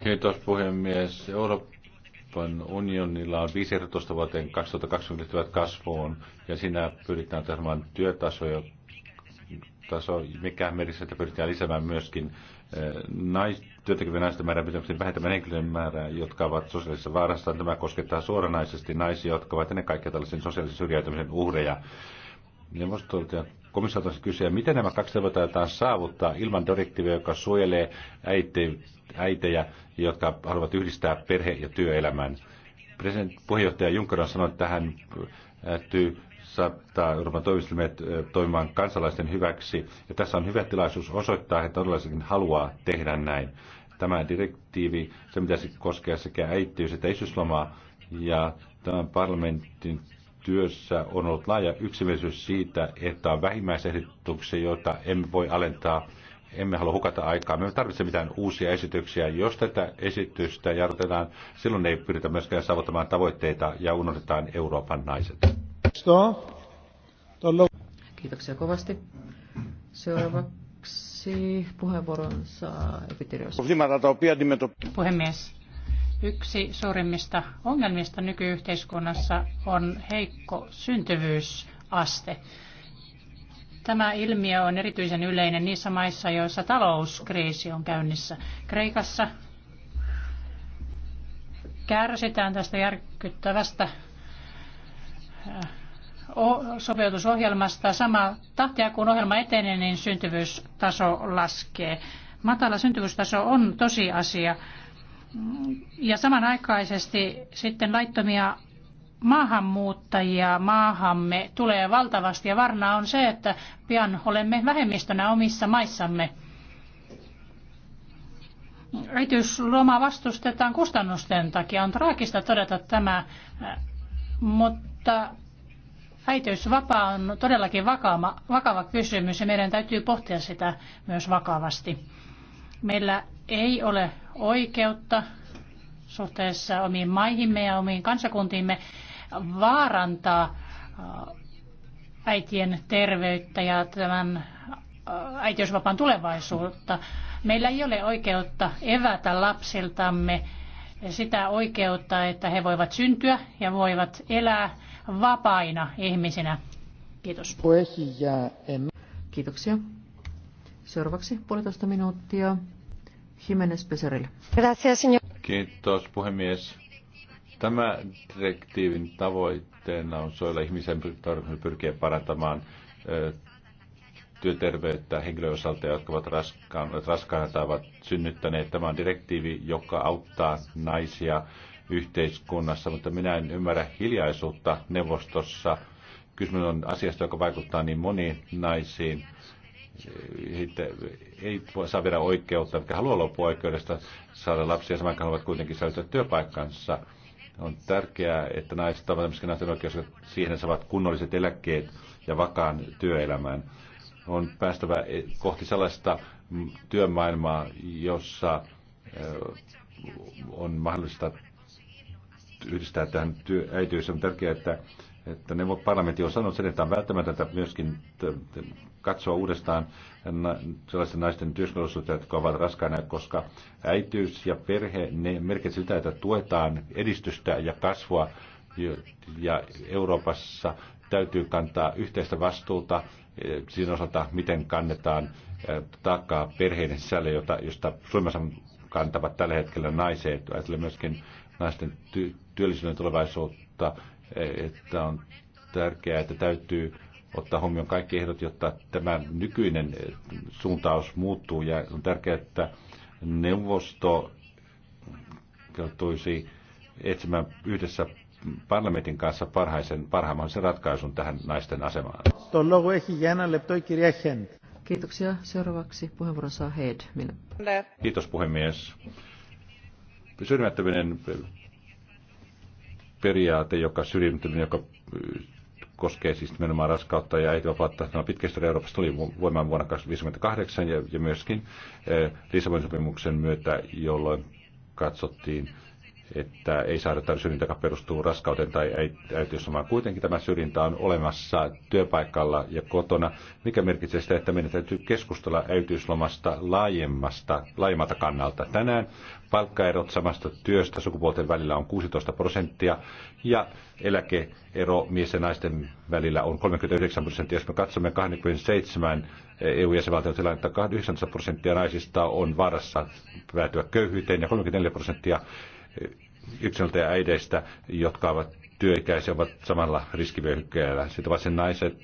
Kiitos puhemies. Euroopan unionilla on 15 vuoteen 2020 kasvuun ja siinä pyritään tehdä työtasoja taso, mikä merissä pyritään lisäämään myöskin eh, nais, työntekevien naisten määrää pitämisen niin vähentämään henkilöiden määrää, jotka ovat sosiaalisessa vaarassa. Tämä koskettaa suoranaisesti naisia, jotka ovat ennen kaikkea tällaisen sosiaalisen syrjäytymisen uhreja. Neuvostolta ja on kysyä, miten nämä kaksi tavoitetta saavuttaa ilman direktiiviä, joka suojelee äite, äitejä, jotka haluavat yhdistää perhe- ja työelämän. President, puheenjohtaja Juncker on sanonut, että hän äh, asemassa tai Euroopan toimistimet toimimaan kansalaisten hyväksi. Ja tässä on hyvä tilaisuus osoittaa, että todellakin haluaa tehdä näin. Tämä direktiivi, se mitä se koskee sekä äittiys- että isyslomaa, ja tämän parlamentin työssä on ollut laaja yksimielisyys siitä, että on vähimmäisehdotuksia, joita emme voi alentaa emme halua hukata aikaa. Me ei tarvitse mitään uusia esityksiä. Jos tätä esitystä jarrutetaan, silloin ei pyritä myöskään saavuttamaan tavoitteita ja unohdetaan Euroopan naiset.
Kiitoksia kovasti. Seuraavaksi puheenvuoron saa Epitirios.
Puhemies, yksi suurimmista ongelmista nykyyhteiskunnassa on heikko syntyvyysaste. Tämä ilmiö on erityisen yleinen niissä maissa, joissa talouskriisi on käynnissä. Kreikassa kärsitään tästä järkyttävästä sopeutusohjelmasta sama tahtia, kun ohjelma etenee, niin syntyvyystaso laskee. Matala syntyvyystaso on tosiasia. Ja samanaikaisesti sitten laittomia maahanmuuttajia maahamme tulee valtavasti ja varna on se, että pian olemme vähemmistönä omissa maissamme. Äitiysloma vastustetaan kustannusten takia. On traagista todeta tämä mutta äitiysvapaa on todellakin vakava, vakava kysymys ja meidän täytyy pohtia sitä myös vakavasti. Meillä ei ole oikeutta suhteessa omiin maihimme ja omiin kansakuntiimme vaarantaa äh, äitien terveyttä ja tämän äh, äitiysvapaan tulevaisuutta. Meillä ei ole oikeutta evätä lapsiltamme sitä oikeutta, että he voivat syntyä ja voivat elää vapaina ihmisinä.
Kiitos. Kiitoksia. Seuraavaksi puolitoista minuuttia. Jimenez Peserille.
Kiitos puhemies. Tämä direktiivin tavoitteena on suojella ihmisen pyrkiä parantamaan työterveyttä henkilöiden osalta, jotka ovat raskaana, tai ovat synnyttäneet. Tämä on direktiivi, joka auttaa naisia yhteiskunnassa, mutta minä en ymmärrä hiljaisuutta neuvostossa. Kysymys on asiasta, joka vaikuttaa niin moniin naisiin. Heitä ei saa viedä oikeutta, mikä haluaa luopua oikeudesta saada lapsia, samaan haluavat kuitenkin säilyttää työpaikkansa. On tärkeää, että naiset ovat naisten oikeus, siihen saavat kunnolliset eläkkeet ja vakaan työelämään on päästävä kohti sellaista työmaailmaa, jossa on mahdollista yhdistää tähän työ, On tärkeää, että, että ne parlamentti on sanonut sen, että on välttämätöntä myöskin katsoa uudestaan sellaisten naisten työskentelysuhteita, jotka ovat raskaana, koska äitiys ja perhe, ne merkitsevät sitä, että tuetaan edistystä ja kasvua ja Euroopassa täytyy kantaa yhteistä vastuuta Eh, siinä osalta, miten kannetaan eh, taakkaa perheiden sisälle, jota, josta Suomessa kantavat tällä hetkellä naiset. Ajattelen myöskin naisten ty- työllisyyden tulevaisuutta, eh, että on tärkeää, että täytyy ottaa huomioon kaikki ehdot, jotta tämä nykyinen suuntaus muuttuu. Ja on tärkeää, että neuvosto joutuisi etsimään yhdessä parlamentin kanssa parhaisen, parhaimman ratkaisun tähän naisten asemaan.
Kiitoksia. Seuraavaksi puheenvuoron saa Heid. Minä.
Kiitos puhemies. Syrjimättöminen periaate, joka syrjimättöminen, joka äh, koskee siis nimenomaan raskautta ja äitivapautta. Tämä pitkä historia Euroopassa tuli voimaan vuonna 1958 ja, ja myöskin eh, Lissabonin sopimuksen myötä, jolloin katsottiin että ei saada tämän syrjintä, joka perustuu raskauteen tai äitiyslomaan. Kuitenkin tämä syrjintä on olemassa työpaikalla ja kotona, mikä merkitsee sitä, että meidän täytyy keskustella äitiyslomasta laajemmasta, laajemmalta kannalta. Tänään palkkaerot samasta työstä sukupuolten välillä on 16 prosenttia ja eläkeero mies ja naisten välillä on 39 prosenttia. Jos me katsomme 27 EU-jäsenvaltion tilannetta, 19 prosenttia naisista on vaarassa päätyä köyhyyteen ja 34 prosenttia yksilöltä ja äideistä, jotka ovat työikäisiä, ovat samalla riskivyöhykkeellä. Sitten ovat sen naiset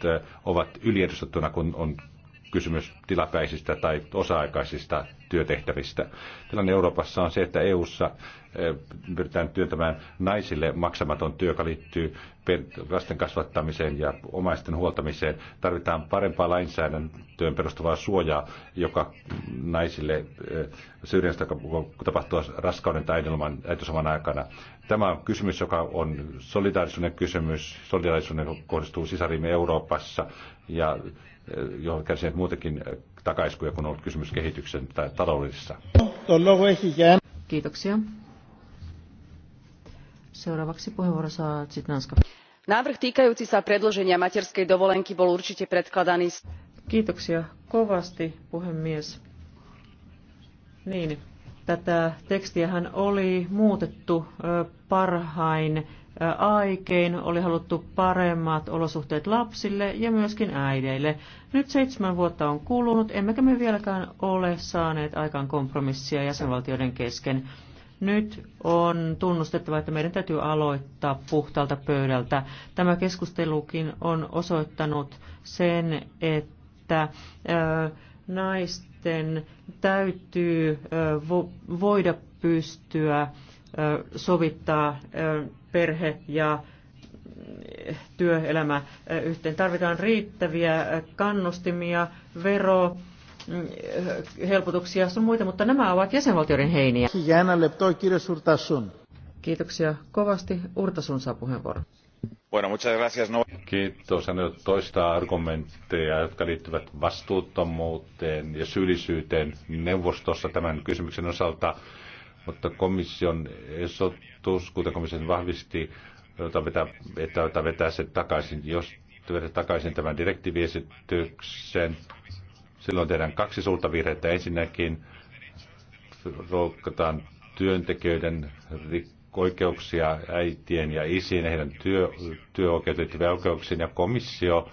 ovat yliedustettuna, kun on kysymys tilapäisistä tai osa-aikaisista työtehtävistä. Tilanne Euroopassa on se, että EU:ssa eh, pyritään työntämään naisille maksamaton työ, joka liittyy lasten kasvattamiseen ja omaisten huoltamiseen. Tarvitaan parempaa lainsäädäntöön perustuvaa suojaa, joka naisille eh, syrjästä tapahtuu raskauden tai äitiysoman aikana. Tämä on kysymys, joka on solidaarisuuden kysymys. Solidaarisuuden kohdistuu sisarimme Euroopassa ja johon kärsii muutenkin äh, takaiskuja, kun on ollut kysymys kehityksen tai taloudellisessa.
Kiitoksia. Seuraavaksi puheenvuoro saa Zitnanska. Návrh týkajúci sa predloženia materskej dovolenky bol určite predkladaný. Kiitoksia kovasti, puhemies. Niin, tätä tekstiähän oli muutettu parhain aikein oli haluttu paremmat olosuhteet lapsille ja myöskin äideille. Nyt seitsemän vuotta on kulunut, emmekä me vieläkään ole saaneet aikaan kompromissia jäsenvaltioiden kesken. Nyt on tunnustettava, että meidän täytyy aloittaa puhtaalta pöydältä. Tämä keskustelukin on osoittanut sen, että naisten täytyy voida pystyä sovittaa perhe ja työelämä yhteen. Tarvitaan riittäviä kannustimia, vero, helpotuksia sun muita, mutta nämä ovat jäsenvaltioiden heiniä. Kiitoksia kovasti. Urtasun saa puheenvuoron.
Bueno, muchas gracias. No... Kiitos. Hän toista argumentteja, jotka liittyvät vastuuttomuuteen ja syyllisyyteen neuvostossa tämän kysymyksen osalta mutta komission esotus, kuten komission vahvisti, jota vetää, että, jota vetää se takaisin, jos vetää takaisin tämän direktiiviesityksen, silloin tehdään kaksi suurta virhettä. Ensinnäkin loukataan työntekijöiden oikeuksia äitien ja isiin, heidän työ, työoikeuteen oikeuksiin ja komissio,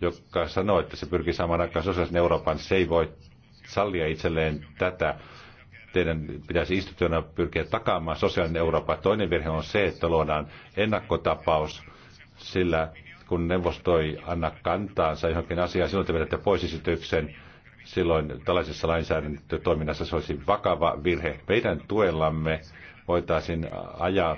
joka sanoo, että se pyrkii saamaan aikaan sosiaalisen Euroopan, se ei voi sallia itselleen tätä teidän pitäisi instituutiona pyrkiä takaamaan sosiaalinen Eurooppa. Toinen virhe on se, että luodaan ennakkotapaus, sillä kun neuvosto ei anna kantaansa johonkin asiaan, silloin te vedätte pois esityksen. Silloin tällaisessa lainsäädäntötoiminnassa se olisi vakava virhe. Meidän tuellamme voitaisiin ajaa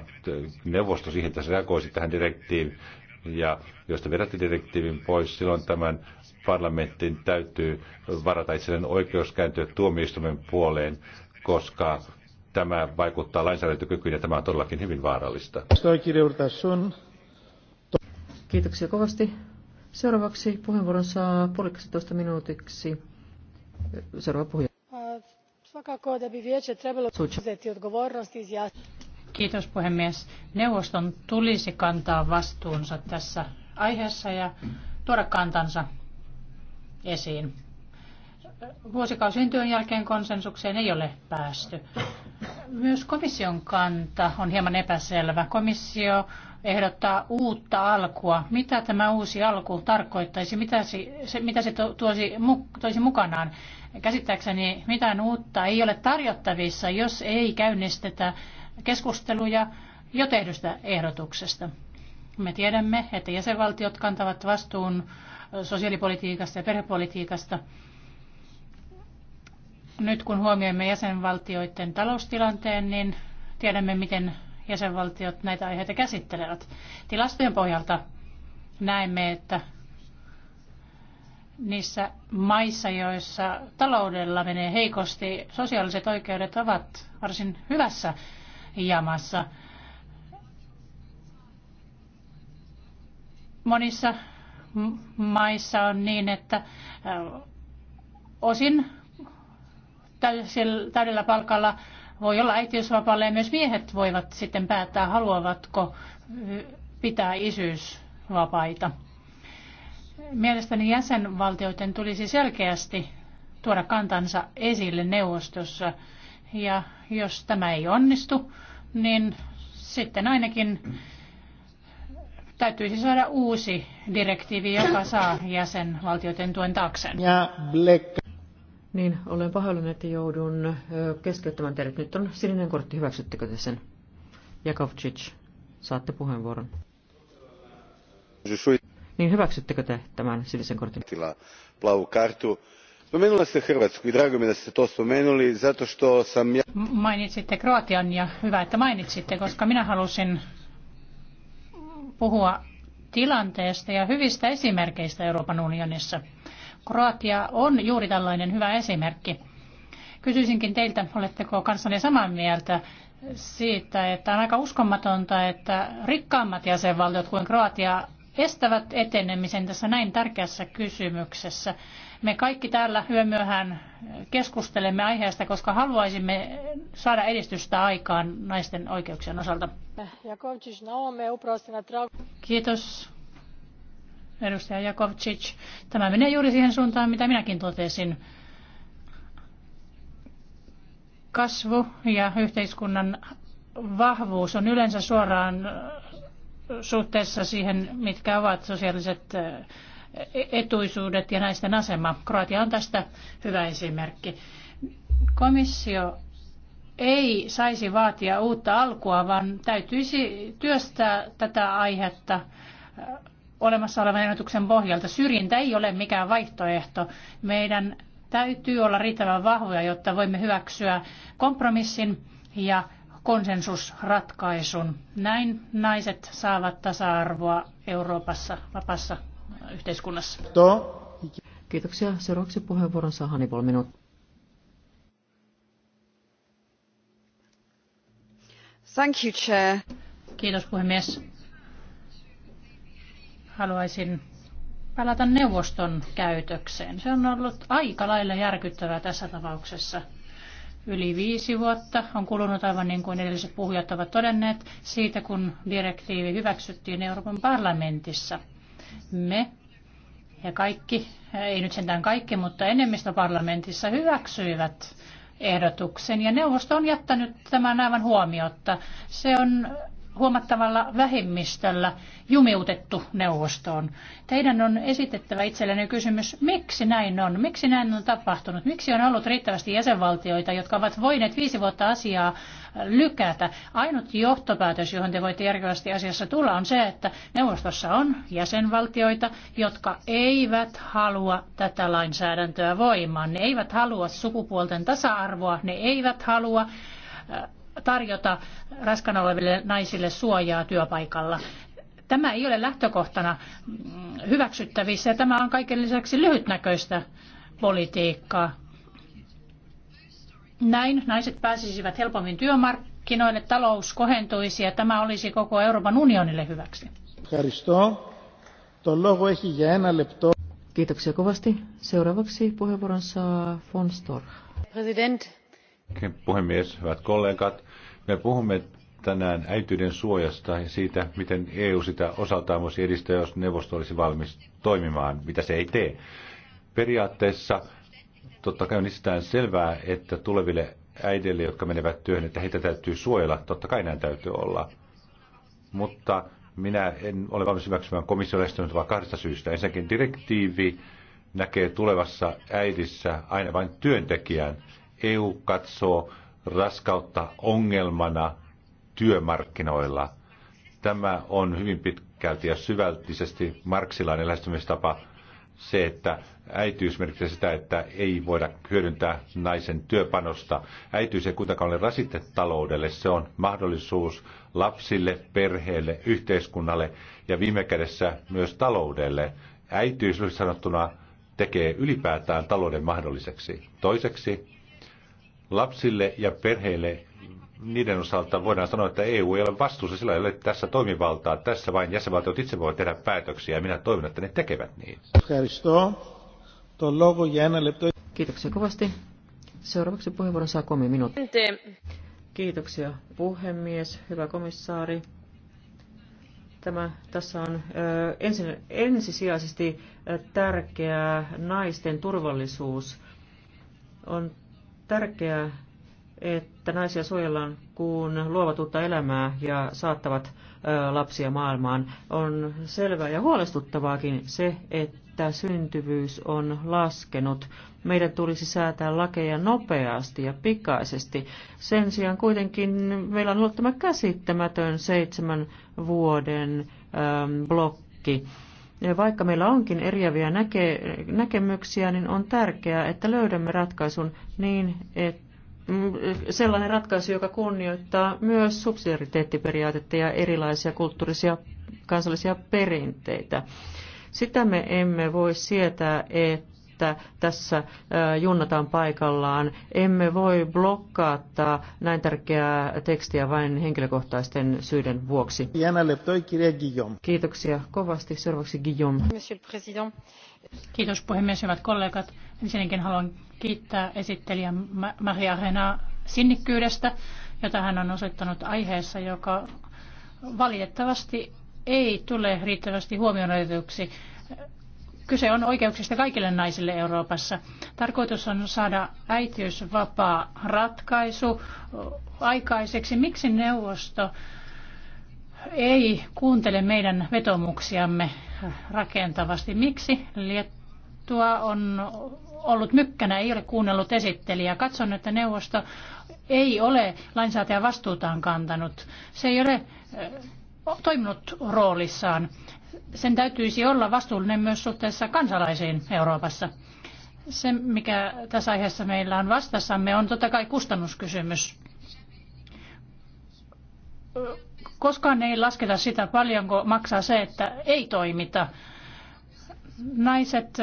neuvosto siihen, että se reagoisi tähän direktiiviin. Ja jos te vedätte direktiivin pois, silloin tämän parlamentin täytyy varata itselleen oikeus kääntyä tuomioistuimen puoleen koska tämä vaikuttaa lainsäädäntökykyyn ja tämä on todellakin hyvin vaarallista.
Kiitoksia kovasti. Seuraavaksi puheenvuoron saa toista minuutiksi. Seuraava puhuja.
Kiitos puhemies. Neuvoston tulisi kantaa vastuunsa tässä aiheessa ja tuoda kantansa esiin vuosikausien työn jälkeen konsensukseen ei ole päästy. Myös komission kanta on hieman epäselvä. Komissio ehdottaa uutta alkua. Mitä tämä uusi alku tarkoittaisi? Mitä se, mitä se tuosi, toisi mukanaan? Käsittääkseni mitään uutta ei ole tarjottavissa, jos ei käynnistetä keskusteluja jo tehdystä ehdotuksesta. Me tiedämme, että jäsenvaltiot kantavat vastuun sosiaalipolitiikasta ja perhepolitiikasta – nyt kun huomioimme jäsenvaltioiden taloustilanteen, niin tiedämme, miten jäsenvaltiot näitä aiheita käsittelevät. Tilastojen pohjalta näemme, että niissä maissa, joissa taloudella menee heikosti, sosiaaliset oikeudet ovat varsin hyvässä jamassa. Monissa maissa on niin, että osin täydellä palkalla voi olla äitiysvapaalla ja myös miehet voivat sitten päättää, haluavatko pitää isyysvapaita. Mielestäni jäsenvaltioiden tulisi selkeästi tuoda kantansa esille neuvostossa. Ja jos tämä ei onnistu, niin sitten ainakin täytyisi saada uusi direktiivi, joka saa jäsenvaltioiden tuen taakseen. Ja
niin, olen pahoillani, että joudun keskeyttämään teidät. Nyt on sininen kortti, hyväksyttekö te sen? Jakovcic, saatte puheenvuoron. Niin hyväksyttekö te tämän sinisen kortin?
Plavu kartu. Spomenula ste Hrvatsku i drago mi da ste to spomenuli, zato što sam ja...
Mainitsitte Kroatian ja hyvä, että mainitsitte, koska minä halusin puhua tilanteesta ja hyvistä esimerkkeistä Euroopan unionissa – Kroatia on juuri tällainen hyvä esimerkki. Kysyisinkin teiltä, oletteko kanssani samaa mieltä siitä, että on aika uskomatonta, että rikkaammat jäsenvaltiot kuin Kroatia estävät etenemisen tässä näin tärkeässä kysymyksessä. Me kaikki täällä yömyöhään keskustelemme aiheesta, koska haluaisimme saada edistystä aikaan naisten oikeuksien osalta. Kiitos edustaja Jakovcic. Tämä menee juuri siihen suuntaan, mitä minäkin totesin. Kasvu ja yhteiskunnan vahvuus on yleensä suoraan äh, suhteessa siihen, mitkä ovat sosiaaliset äh, etuisuudet ja naisten asema. Kroatia on tästä hyvä esimerkki. Komissio ei saisi vaatia uutta alkua, vaan täytyisi työstää tätä aihetta äh, olemassa olevan ehdotuksen pohjalta. Syrjintä ei ole mikään vaihtoehto. Meidän täytyy olla riittävän vahvoja, jotta voimme hyväksyä kompromissin ja konsensusratkaisun. Näin naiset saavat tasa-arvoa Euroopassa, vapaassa yhteiskunnassa.
Kiitoksia. Seuraavaksi puheenvuoron saa Hannibal
Thank you, Chair. Kiitos puhemies haluaisin palata neuvoston käytökseen. Se on ollut aika lailla järkyttävää tässä tapauksessa. Yli viisi vuotta on kulunut aivan niin kuin edelliset puhujat ovat todenneet siitä, kun direktiivi hyväksyttiin Euroopan parlamentissa. Me ja kaikki, ei nyt sentään kaikki, mutta enemmistö parlamentissa hyväksyivät ehdotuksen ja neuvosto on jättänyt tämän aivan huomiotta. Se on huomattavalla vähemmistöllä jumiutettu neuvostoon. Teidän on esitettävä itselleni kysymys, miksi näin on? Miksi näin on tapahtunut? Miksi on ollut riittävästi jäsenvaltioita, jotka ovat voineet viisi vuotta asiaa lykätä? Ainut johtopäätös, johon te voitte järkevästi asiassa tulla, on se, että neuvostossa on jäsenvaltioita, jotka eivät halua tätä lainsäädäntöä voimaan. Ne eivät halua sukupuolten tasa-arvoa, ne eivät halua tarjota raskana oleville naisille suojaa työpaikalla. Tämä ei ole lähtökohtana mm, hyväksyttävissä ja tämä on kaiken lisäksi lyhytnäköistä politiikkaa. Näin naiset pääsisivät helpommin työmarkkinoille, talous kohentuisi ja tämä olisi koko Euroopan unionille hyväksi.
Kiitoksia kovasti. Seuraavaksi puheenvuoron saa von Storch.
President.
Puhemies, hyvät kollegat, me puhumme tänään äityyden suojasta ja siitä, miten EU sitä osaltaan voisi edistää, jos neuvosto olisi valmis toimimaan, mitä se ei tee. Periaatteessa totta kai on itsestään selvää, että tuleville äideille, jotka menevät työhön, että heitä täytyy suojella. Totta kai näin täytyy olla. Mutta minä en ole valmis hyväksymään komissiolle esittänyt vain kahdesta syystä. Ensinnäkin direktiivi näkee tulevassa äidissä aina vain työntekijän, EU katsoo raskautta ongelmana työmarkkinoilla. Tämä on hyvin pitkälti ja syvältisesti marksilainen lähestymistapa se, että äitiys merkitsee sitä, että ei voida hyödyntää naisen työpanosta. Äitiys ei kuitenkaan ole rasite taloudelle, se on mahdollisuus lapsille, perheelle, yhteiskunnalle ja viime kädessä myös taloudelle. Äitiys sanottuna tekee ylipäätään talouden mahdolliseksi. Toiseksi Lapsille ja perheille niiden osalta voidaan sanoa, että EU ei ole vastuussa, sillä ei ole tässä toimivaltaa. Tässä vain jäsenvaltiot itse voivat tehdä päätöksiä ja minä toivon, että ne tekevät niin.
Kiitoksia kovasti. Seuraavaksi puheenvuoron saa komi minuuttia. Kiitoksia puhemies, hyvä komissaari. Tämä, tässä on ö, ensin, ensisijaisesti tärkeää naisten turvallisuus. On tärkeää, että naisia suojellaan, kun luovat uutta elämää ja saattavat lapsia maailmaan. On selvää ja huolestuttavaakin se, että syntyvyys on laskenut. Meidän tulisi säätää lakeja nopeasti ja pikaisesti. Sen sijaan kuitenkin meillä on ollut tämä käsittämätön seitsemän vuoden blokki. Vaikka meillä onkin eriäviä näke, näkemyksiä, niin on tärkeää, että löydämme ratkaisun niin, että sellainen ratkaisu, joka kunnioittaa myös subsidiariteettiperiaatetta ja erilaisia kulttuurisia kansallisia perinteitä. Sitä me emme voi sietää, että että tässä junnataan paikallaan. Emme voi blokkaata näin tärkeää tekstiä vain henkilökohtaisten syiden vuoksi. Kiitoksia kovasti. Seuraavaksi Guillaume.
Kiitos puhemies, hyvät kollegat. Ensinnäkin haluan kiittää esittelijä Maria Rena sinnikkyydestä, jota hän on osoittanut aiheessa, joka valitettavasti ei tule riittävästi huomioiduksi Kyse on oikeuksista kaikille naisille Euroopassa. Tarkoitus on saada äitiysvapaa ratkaisu aikaiseksi. Miksi neuvosto ei kuuntele meidän vetomuksiamme rakentavasti? Miksi Liettua on ollut mykkänä, ei ole kuunnellut esittelijää. Katson, että neuvosto ei ole lainsäätäjän vastuutaan kantanut. Se ei ole toiminut roolissaan sen täytyisi olla vastuullinen myös suhteessa kansalaisiin Euroopassa. Se, mikä tässä aiheessa meillä on vastassamme, on totta kai kustannuskysymys. Koskaan ei lasketa sitä, paljonko maksaa se, että ei toimita. Naiset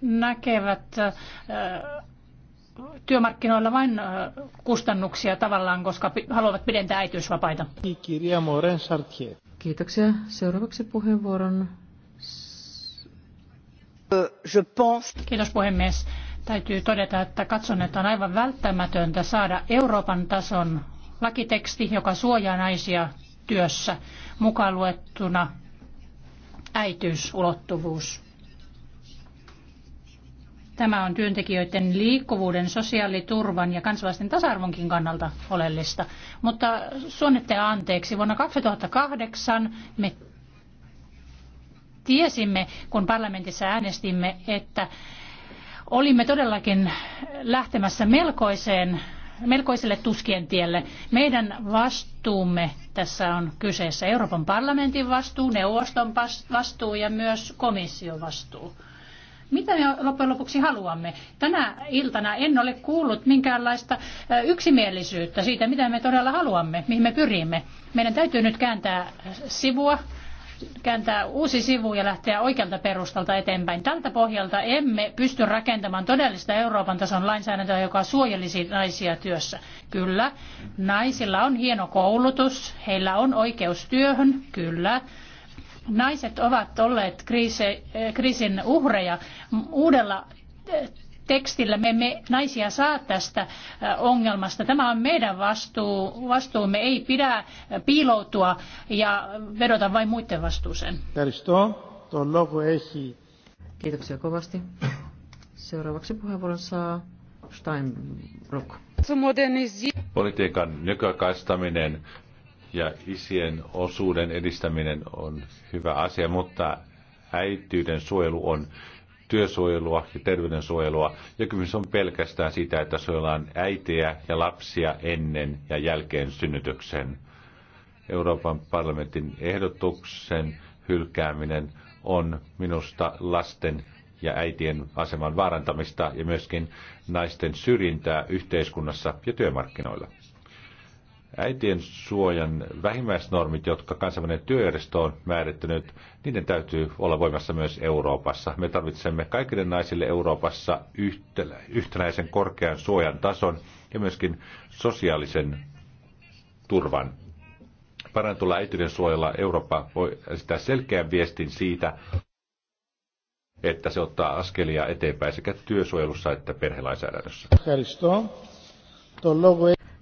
näkevät äh, työmarkkinoilla vain äh, kustannuksia tavallaan, koska haluavat pidentää äitiysvapaita. Kirja Moren Sartier.
Kiitoksia. Seuraavaksi puheenvuoron.
Kiitos puhemies. Täytyy todeta, että katson, että on aivan välttämätöntä saada Euroopan tason lakiteksti, joka suojaa naisia työssä, mukaan luettuna äitiysulottuvuus. Tämä on työntekijöiden liikkuvuuden, sosiaaliturvan ja kansalaisten tasa-arvonkin kannalta oleellista. Mutta suunnitteja anteeksi, vuonna 2008 me tiesimme, kun parlamentissa äänestimme, että olimme todellakin lähtemässä melkoiseen melkoiselle tuskien tielle. Meidän vastuumme tässä on kyseessä Euroopan parlamentin vastuu, neuvoston vastuu ja myös komission vastuu. Mitä me loppujen lopuksi haluamme? Tänä iltana en ole kuullut minkäänlaista yksimielisyyttä siitä, mitä me todella haluamme, mihin me pyrimme. Meidän täytyy nyt kääntää sivua, kääntää uusi sivu ja lähteä oikealta perustalta eteenpäin. Tältä pohjalta emme pysty rakentamaan todellista Euroopan tason lainsäädäntöä, joka suojelisi naisia työssä. Kyllä, naisilla on hieno koulutus, heillä on oikeus työhön, kyllä Naiset ovat olleet kriisi, eh, kriisin uhreja. Uudella eh, tekstillä me emme naisia saa tästä eh, ongelmasta. Tämä on meidän vastuu, vastuumme. Ei pidä piiloutua ja vedota vain muiden vastuuseen.
Kiitoksia kovasti. Seuraavaksi puheenvuoron saa Steinbrück.
Politiikan nykyaikaistaminen ja isien osuuden edistäminen on hyvä asia, mutta äityyden suojelu on työsuojelua ja terveydensuojelua. Ja kysymys on pelkästään sitä, että suojellaan äitiä ja lapsia ennen ja jälkeen synnytyksen. Euroopan parlamentin ehdotuksen hylkääminen on minusta lasten ja äitien aseman vaarantamista ja myöskin naisten syrjintää yhteiskunnassa ja työmarkkinoilla äitien suojan vähimmäisnormit, jotka kansainvälinen työjärjestö on määrittänyt, niiden täytyy olla voimassa myös Euroopassa. Me tarvitsemme kaikille naisille Euroopassa yhtenäisen korkean suojan tason ja myöskin sosiaalisen turvan. Parantulla äitiyden suojella Eurooppa voi esittää selkeän viestin siitä, että se ottaa askelia eteenpäin sekä työsuojelussa että perhelainsäädännössä.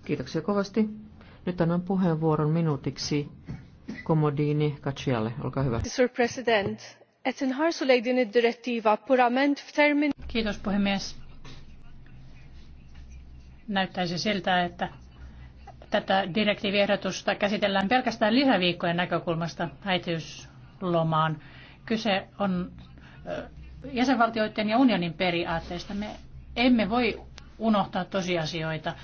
Kiitoksia kovasti. Nyt annan puheenvuoron minuutiksi Komodini Katsialle. Olkaa hyvä.
Kiitos puhemies. Näyttäisi siltä, että tätä direktiiviehdotusta käsitellään pelkästään lisäviikkojen näkökulmasta äitiyslomaan. Kyse on jäsenvaltioiden ja unionin periaatteista. Me emme voi unohtaa tosiasioita.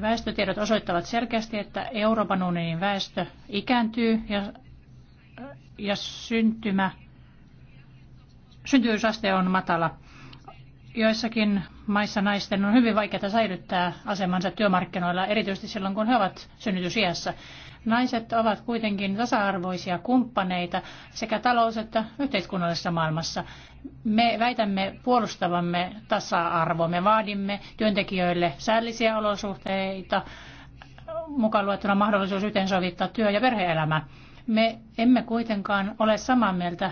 Väestötiedot osoittavat selkeästi, että Euroopan unionin väestö ikääntyy ja, ja syntymä, syntyvyysaste on matala. Joissakin maissa naisten on hyvin vaikeaa säilyttää asemansa työmarkkinoilla, erityisesti silloin kun he ovat synnytysiässä. Naiset ovat kuitenkin tasa-arvoisia kumppaneita sekä talous- että yhteiskunnallisessa maailmassa. Me väitämme puolustavamme tasa-arvoa. Me vaadimme työntekijöille säällisiä olosuhteita, mukaan luettuna mahdollisuus yhteensovittaa työ- ja perheelämä. Me emme kuitenkaan ole samaa mieltä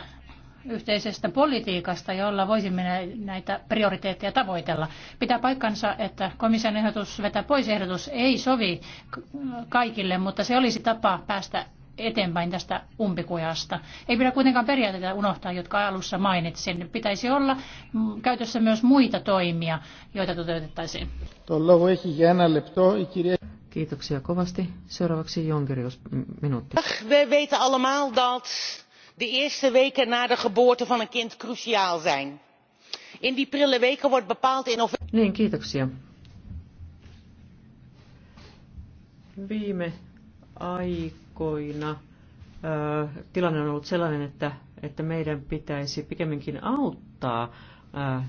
yhteisestä politiikasta, jolla voisimme näitä prioriteetteja tavoitella. Pitää paikkansa, että komission ehdotus vetää pois ehdotus ei sovi kaikille, mutta se olisi tapa päästä eteenpäin tästä umpikujasta. Ei pidä kuitenkaan periaatteita unohtaa, jotka alussa mainitsin. Pitäisi olla käytössä myös muita toimia, joita toteutettaisiin.
Kiitoksia kovasti. Seuraavaksi Jonkeri, jos minuutti.
We weten allemaal dat de eerste weken na de geboorte van een kind cruciaal zijn. in die prille weken wordt bepaald in of.
Niin, kiitoksia. Viime aikoina ö, tilanne on ollut sellainen, että, että meidän pitäisi pikemminkin auttaa ö,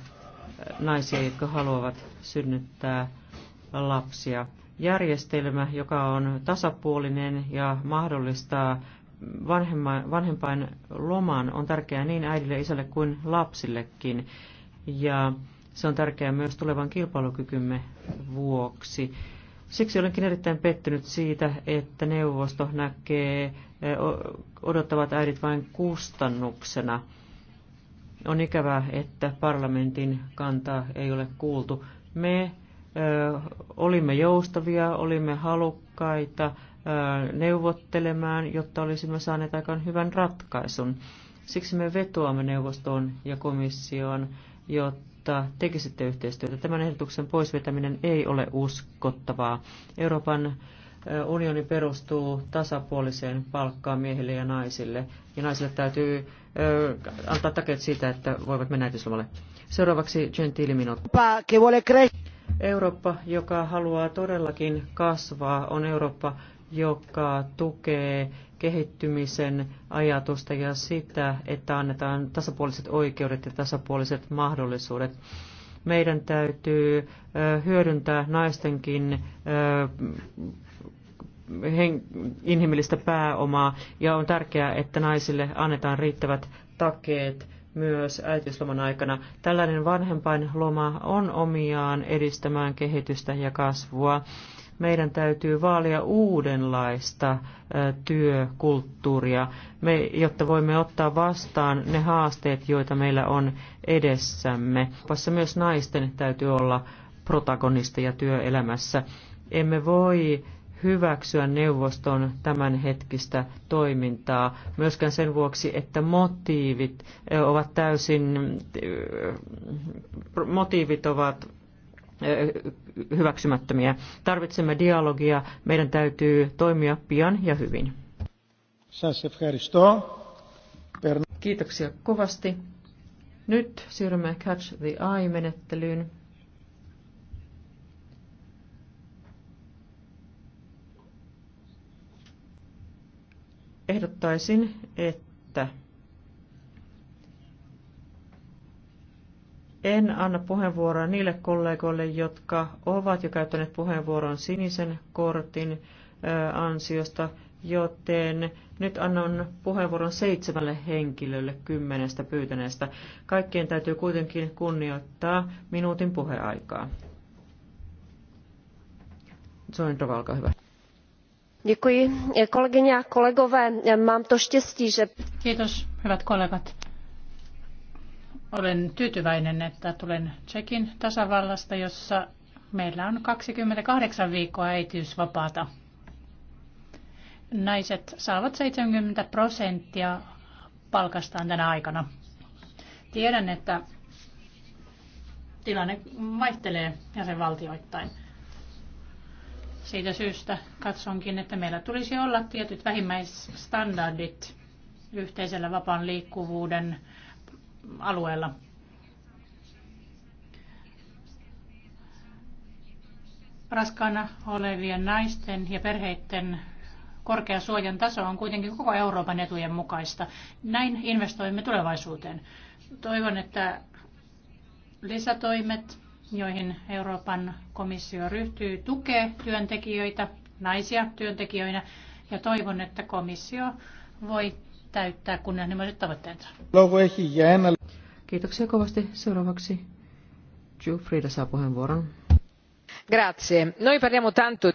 naisia, jotka haluavat synnyttää lapsia. Järjestelmä, joka on tasapuolinen ja mahdollistaa vanhempain loman on tärkeää niin äidille, isälle kuin lapsillekin. Ja se on tärkeää myös tulevan kilpailukykymme vuoksi. Siksi olenkin erittäin pettynyt siitä, että neuvosto näkee odottavat äidit vain kustannuksena. On ikävää, että parlamentin kantaa ei ole kuultu. Me ö, olimme joustavia, olimme halukkaita neuvottelemaan, jotta olisimme saaneet aikaan hyvän ratkaisun. Siksi me vetoamme neuvostoon ja komissioon, jotta tekisitte yhteistyötä. Tämän ehdotuksen poisvetäminen ei ole uskottavaa. Euroopan unioni perustuu tasapuoliseen palkkaan miehille ja naisille, ja naisille täytyy antaa takeet siitä, että voivat mennä äitiyslomalle. Seuraavaksi Gentili minuutti. Eurooppa, joka haluaa todellakin kasvaa, on Eurooppa, joka tukee kehittymisen ajatusta ja sitä, että annetaan tasapuoliset oikeudet ja tasapuoliset mahdollisuudet. Meidän täytyy hyödyntää naistenkin inhimillistä pääomaa ja on tärkeää, että naisille annetaan riittävät takeet myös äitiysloman aikana. Tällainen vanhempainloma on omiaan edistämään kehitystä ja kasvua meidän täytyy vaalia uudenlaista työkulttuuria, me, jotta voimme ottaa vastaan ne haasteet, joita meillä on edessämme. Passa myös naisten täytyy olla protagonisteja työelämässä. Emme voi hyväksyä neuvoston tämänhetkistä toimintaa, myöskään sen vuoksi, että motiivit ovat täysin, motiivit ovat hyväksymättömiä. Tarvitsemme dialogia, meidän täytyy toimia pian ja hyvin. Kiitoksia kovasti. Nyt siirrymme Catch the Eye-menettelyyn. Ehdottaisin, että En anna puheenvuoroa niille kollegoille, jotka ovat jo käyttäneet puheenvuoron sinisen kortin ansiosta, joten nyt annan puheenvuoron seitsemälle henkilölle kymmenestä pyytäneestä. Kaikkien täytyy kuitenkin kunnioittaa minuutin puheaikaa. Zoindrova, olkaa hyvä.
Děkuji. Kolegyně a kolegové, mám to štěstí, že... Kiitos, hyvät kollegat. Olen tyytyväinen, että tulen Tsekin tasavallasta, jossa meillä on 28 viikkoa äitiysvapaata. Naiset saavat 70 prosenttia palkastaan tänä aikana. Tiedän, että tilanne vaihtelee jäsenvaltioittain. Siitä syystä katsonkin, että meillä tulisi olla tietyt vähimmäisstandardit yhteisellä vapaan liikkuvuuden alueella. Raskaana olevien naisten ja perheiden korkea suojan taso on kuitenkin koko Euroopan etujen mukaista. Näin investoimme tulevaisuuteen. Toivon, että lisätoimet, joihin Euroopan komissio ryhtyy, tukee työntekijöitä, naisia työntekijöinä, ja toivon, että komissio voi täyttää kunnianhimoiset tavoitteensa.
Kiitoksia kovasti. Seuraavaksi Jufrida saa puheenvuoron. Grazie. Noi parliamo tanto.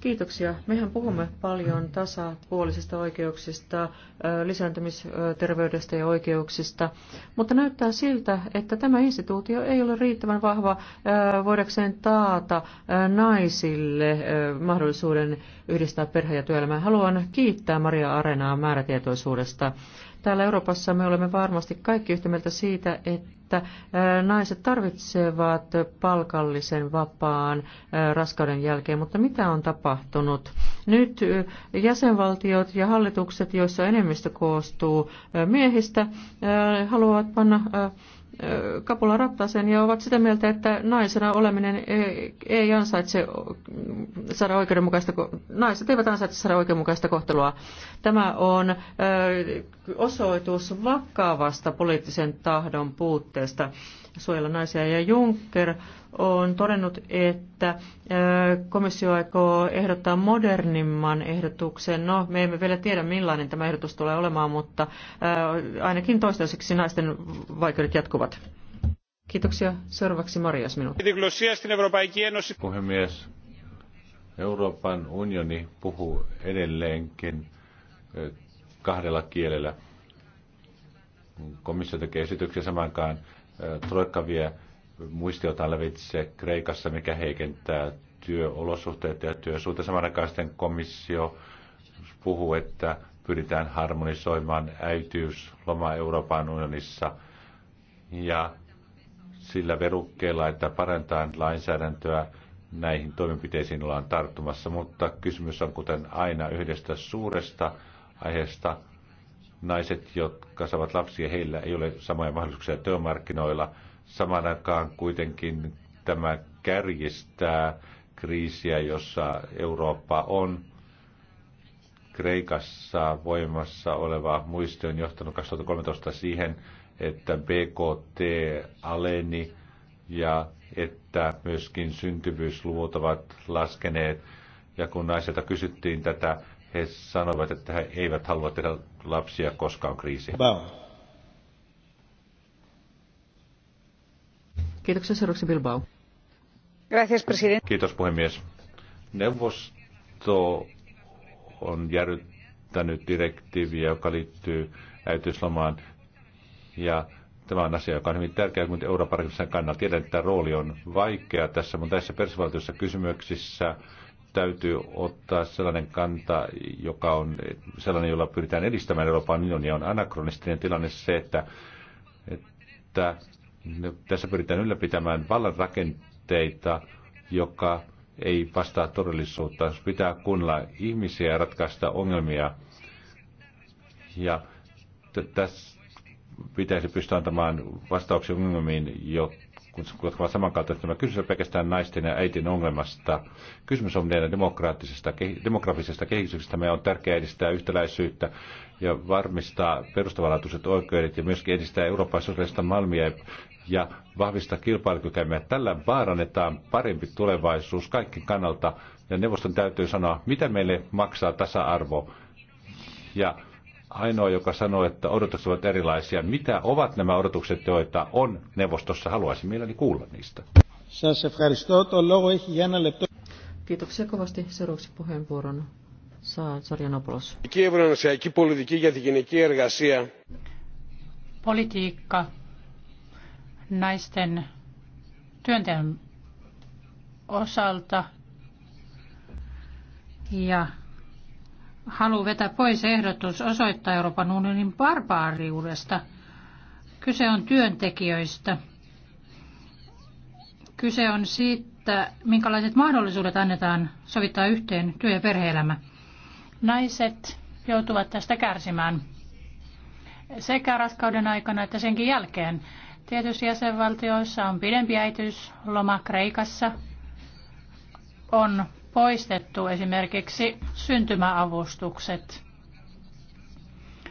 Kiitoksia. Mehän puhumme paljon tasapuolisista oikeuksista, lisääntymisterveydestä ja oikeuksista, mutta näyttää siltä, että tämä instituutio ei ole riittävän vahva voidakseen taata naisille mahdollisuuden yhdistää perhe- ja työelämää. Haluan kiittää Maria Arenaa määrätietoisuudesta. Täällä Euroopassa me olemme varmasti kaikki yhtä mieltä siitä, että äh, naiset tarvitsevat palkallisen vapaan äh, raskauden jälkeen, mutta mitä on tapahtunut? Nyt äh, jäsenvaltiot ja hallitukset, joissa enemmistö koostuu miehistä, haluavat panna kapula rattaaseen ja ovat sitä mieltä, että naisena oleminen e, ei ansaitse saada oikeudenmukaista, naiset eivät ansaitse saada oikeudenmukaista kohtelua. Tämä on osoitus vakavasta poliittisen tahdon puutteesta suojella naisia. Ja Juncker on todennut, että komissio aikoo ehdottaa modernimman ehdotuksen. No, me emme vielä tiedä millainen tämä ehdotus tulee olemaan, mutta ainakin toistaiseksi naisten vaikeudet jatkuvat. Kiitoksia. Seuraavaksi Marias
minun. Puhemies, Euroopan unioni puhuu edelleenkin kahdella kielellä. Komissio tekee esityksiä samankaan Troikka vie muistiota lävitse Kreikassa, mikä heikentää työolosuhteita ja työsuhteita. Samaan aikaan sitten komissio puhuu, että pyritään harmonisoimaan äitiysloma Euroopan unionissa ja sillä verukkeella, että parantaa lainsäädäntöä näihin toimenpiteisiin ollaan tarttumassa, mutta kysymys on kuten aina yhdestä suuresta aiheesta, Naiset, jotka saavat lapsia, heillä ei ole samoja mahdollisuuksia työmarkkinoilla. Samaan aikaan kuitenkin tämä kärjistää kriisiä, jossa Eurooppa on. Kreikassa voimassa oleva muisti on johtanut 2013 siihen, että BKT aleni ja että myöskin syntyvyysluvut ovat laskeneet. Ja kun naiselta kysyttiin tätä, he sanoivat, että he eivät halua tehdä lapsia, koska on kriisi. Bao.
Kiitoksia seuraavaksi Bilbao.
Gracias, president.
Kiitos puhemies. Neuvosto on järjyttänyt direktiiviä, joka liittyy äitiyslomaan. Ja tämä on asia, joka on hyvin tärkeä, mutta Euroopan kannalta tiedän, että rooli on vaikea tässä, mutta tässä persivaltiossa kysymyksissä täytyy ottaa sellainen kanta, joka on sellainen, jolla pyritään edistämään Euroopan unionia, on anakronistinen tilanne se, että, että tässä pyritään ylläpitämään vallan rakenteita, joka ei vastaa todellisuutta. Pitää kuunnella ihmisiä ja ratkaista ongelmia. Ja tässä pitäisi pystyä antamaan vastauksia ongelmiin, jotka kun ovat samankaltaiset. Mä kysyn pelkästään naisten ja äitin ongelmasta. Kysymys on meidän demokraattisesta, demografisesta kehityksestä. Meidän on tärkeää edistää yhtäläisyyttä ja varmistaa perustavanlaatuiset oikeudet ja myöskin edistää Euroopan sosiaalista malmia ja vahvistaa kilpailukykyämme. Tällä vaarannetaan parempi tulevaisuus kaikkien kannalta ja neuvoston täytyy sanoa, mitä meille maksaa tasa-arvo ja ainoa, joka sanoo, että odotukset ovat erilaisia. Mitä ovat nämä odotukset, joita on neuvostossa? Haluaisin mielelläni kuulla niistä.
Kiitoksia kovasti. Seuraavaksi puheenvuoron
saa Sarjanopoulos. Politiikka naisten työnteon osalta ja halu vetää pois ehdotus osoittaa Euroopan unionin barbaariudesta. Kyse on työntekijöistä. Kyse on siitä, minkälaiset mahdollisuudet annetaan sovittaa yhteen työ- ja perheelämä. Naiset joutuvat tästä kärsimään sekä raskauden aikana että senkin jälkeen. Tietyissä jäsenvaltioissa on pidempi äitiysloma Kreikassa, on poistettu esimerkiksi syntymäavustukset.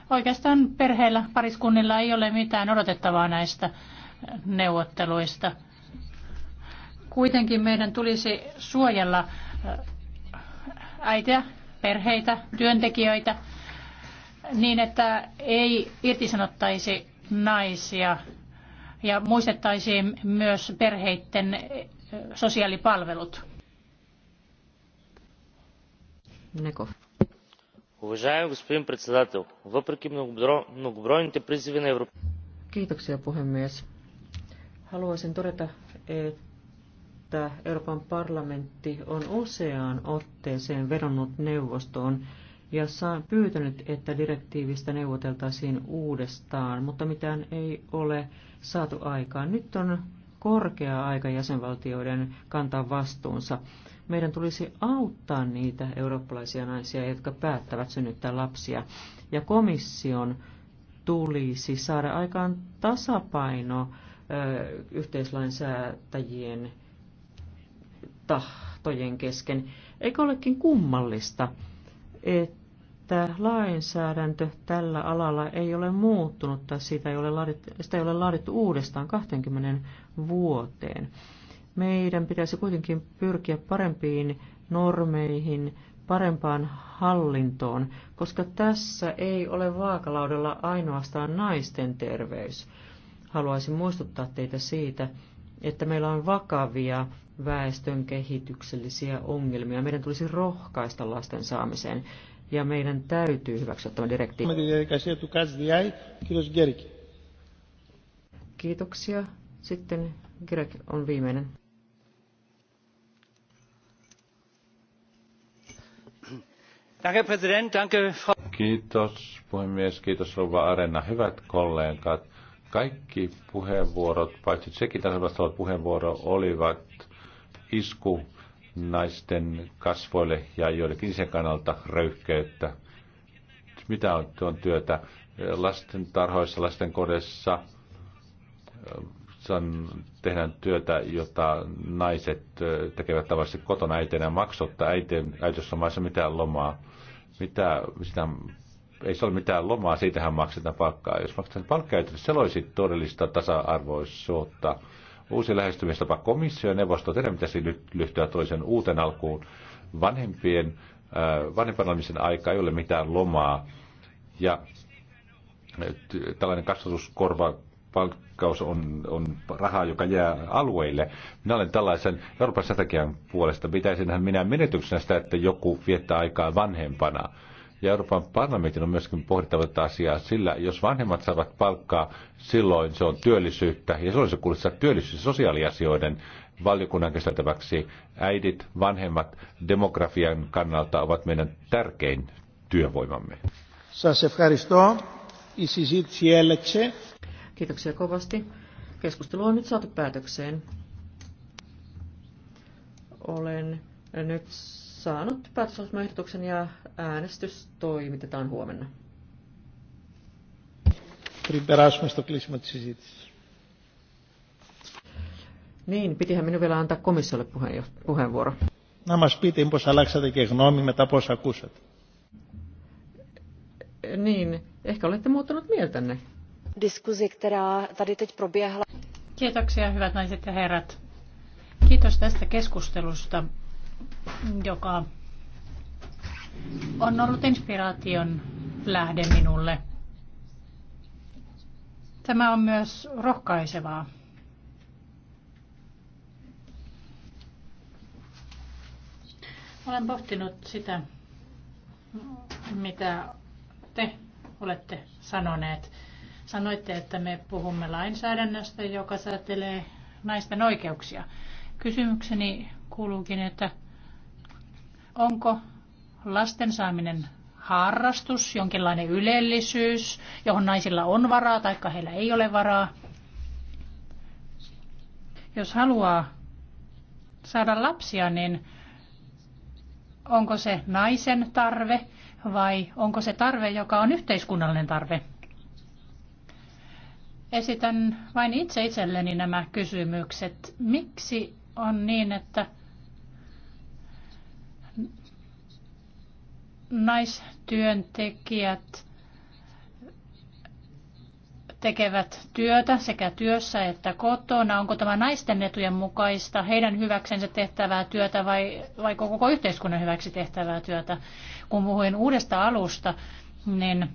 Oikeastaan perheillä, pariskunnilla ei ole mitään odotettavaa näistä neuvotteluista. Kuitenkin meidän tulisi suojella äh, äitiä, perheitä, työntekijöitä niin, että ei irtisanottaisi naisia ja muistettaisiin myös perheiden äh, sosiaalipalvelut.
Уважаеми господин председател, въпреки многобройните призиви на Haluaisin todeta, että Euroopan parlamentti on useaan otteeseen vedonnut neuvostoon ja saan pyytänyt, että direktiivistä neuvoteltaisiin uudestaan, mutta mitään ei ole saatu aikaan. Nyt on korkea aika jäsenvaltioiden kantaa vastuunsa. Meidän tulisi auttaa niitä eurooppalaisia naisia, jotka päättävät synnyttää lapsia. Ja komission tulisi saada aikaan tasapaino yhteislainsäätäjien tahtojen kesken. Eikö olekin kummallista, että lainsäädäntö tällä alalla ei ole muuttunut tai siitä ei ole laadittu, sitä ei ole laadittu uudestaan 20 vuoteen? Meidän pitäisi kuitenkin pyrkiä parempiin normeihin, parempaan hallintoon, koska tässä ei ole vaakalaudella ainoastaan naisten terveys. Haluaisin muistuttaa teitä siitä, että meillä on vakavia väestön kehityksellisiä ongelmia. Meidän tulisi rohkaista lasten saamiseen ja meidän täytyy hyväksyä tämä direktiivi. Kiitoksia. Sitten Greg on viimeinen.
Kiitos puhemies, kiitos rouva Arena. Hyvät kollegat, kaikki puheenvuorot, paitsi sekin tasavallasta olevat puheenvuoro, olivat isku naisten kasvoille ja joillekin sen kannalta röyhkeyttä. Mitä on tuon työtä? Lasten tarhoissa, lasten kodessa tehdään työtä, jota naiset tekevät tavallisesti kotona äitinä maksotta, äitin äitiyslomaissa mitään lomaa mitä, sitä, ei se ole mitään lomaa, siitähän maksetaan palkkaa. Jos maksetaan palkkaa, se loisi todellista tasa-arvoisuutta. Uusi lähestymistapa komissio ja neuvosto, teidän pitäisi lyhtyä toisen uuteen alkuun. Vanhempien, olemisen äh, aika ei ole mitään lomaa. Ja äh, tällainen kasvatuskorva rikkaus on, on rahaa, joka jää alueille. Minä olen tällaisen Euroopan strategian puolesta. Pitäisinhän minä menetyksenä sitä, että joku viettää aikaa vanhempana. Ja Euroopan parlamentin on myöskin pohdittava tätä asiaa, sillä jos vanhemmat saavat palkkaa, silloin se on työllisyyttä, ja silloin se kuulostaa työllisyys- ja sosiaaliasioiden valiokunnan käsiteltäväksi. Äidit, vanhemmat, demografian kannalta ovat meidän tärkein työvoimamme. Σας ευχαριστώ. Η συζήτηση έλεξε.
Kiitoksia kovasti. Keskustelu on nyt saatu päätökseen. Olen nyt saanut päätösosmaehdotuksen ja äänestys toimitetaan huomenna. Niin, pitihän minun vielä antaa komissiolle puheenvuoro. Να μας πείτε μήπως αλλάξατε και γνώμη μετά πώς ακούσατε. Niin, ehkä olette muuttanut mieltänne
diskuzi, která tady teď proběhla. Kiitoksia, hyvät naiset ja herrat. Kiitos tästä keskustelusta, joka on ollut inspiraation lähde minulle. Tämä on myös rohkaisevaa. Olen pohtinut sitä, mitä te olette sanoneet. Sanoitte, että me puhumme lainsäädännöstä, joka säätelee naisten oikeuksia. Kysymykseni kuuluukin, että onko lasten saaminen harrastus, jonkinlainen ylellisyys, johon naisilla on varaa tai heillä ei ole varaa. Jos haluaa saada lapsia, niin onko se naisen tarve vai onko se tarve, joka on yhteiskunnallinen tarve? Esitän vain itse itselleni nämä kysymykset. Miksi on niin, että naistyöntekijät tekevät työtä sekä työssä että kotona. Onko tämä naisten etujen mukaista, heidän hyväksensä tehtävää työtä vai, vai koko yhteiskunnan hyväksi tehtävää työtä? Kun puhuin uudesta alusta, niin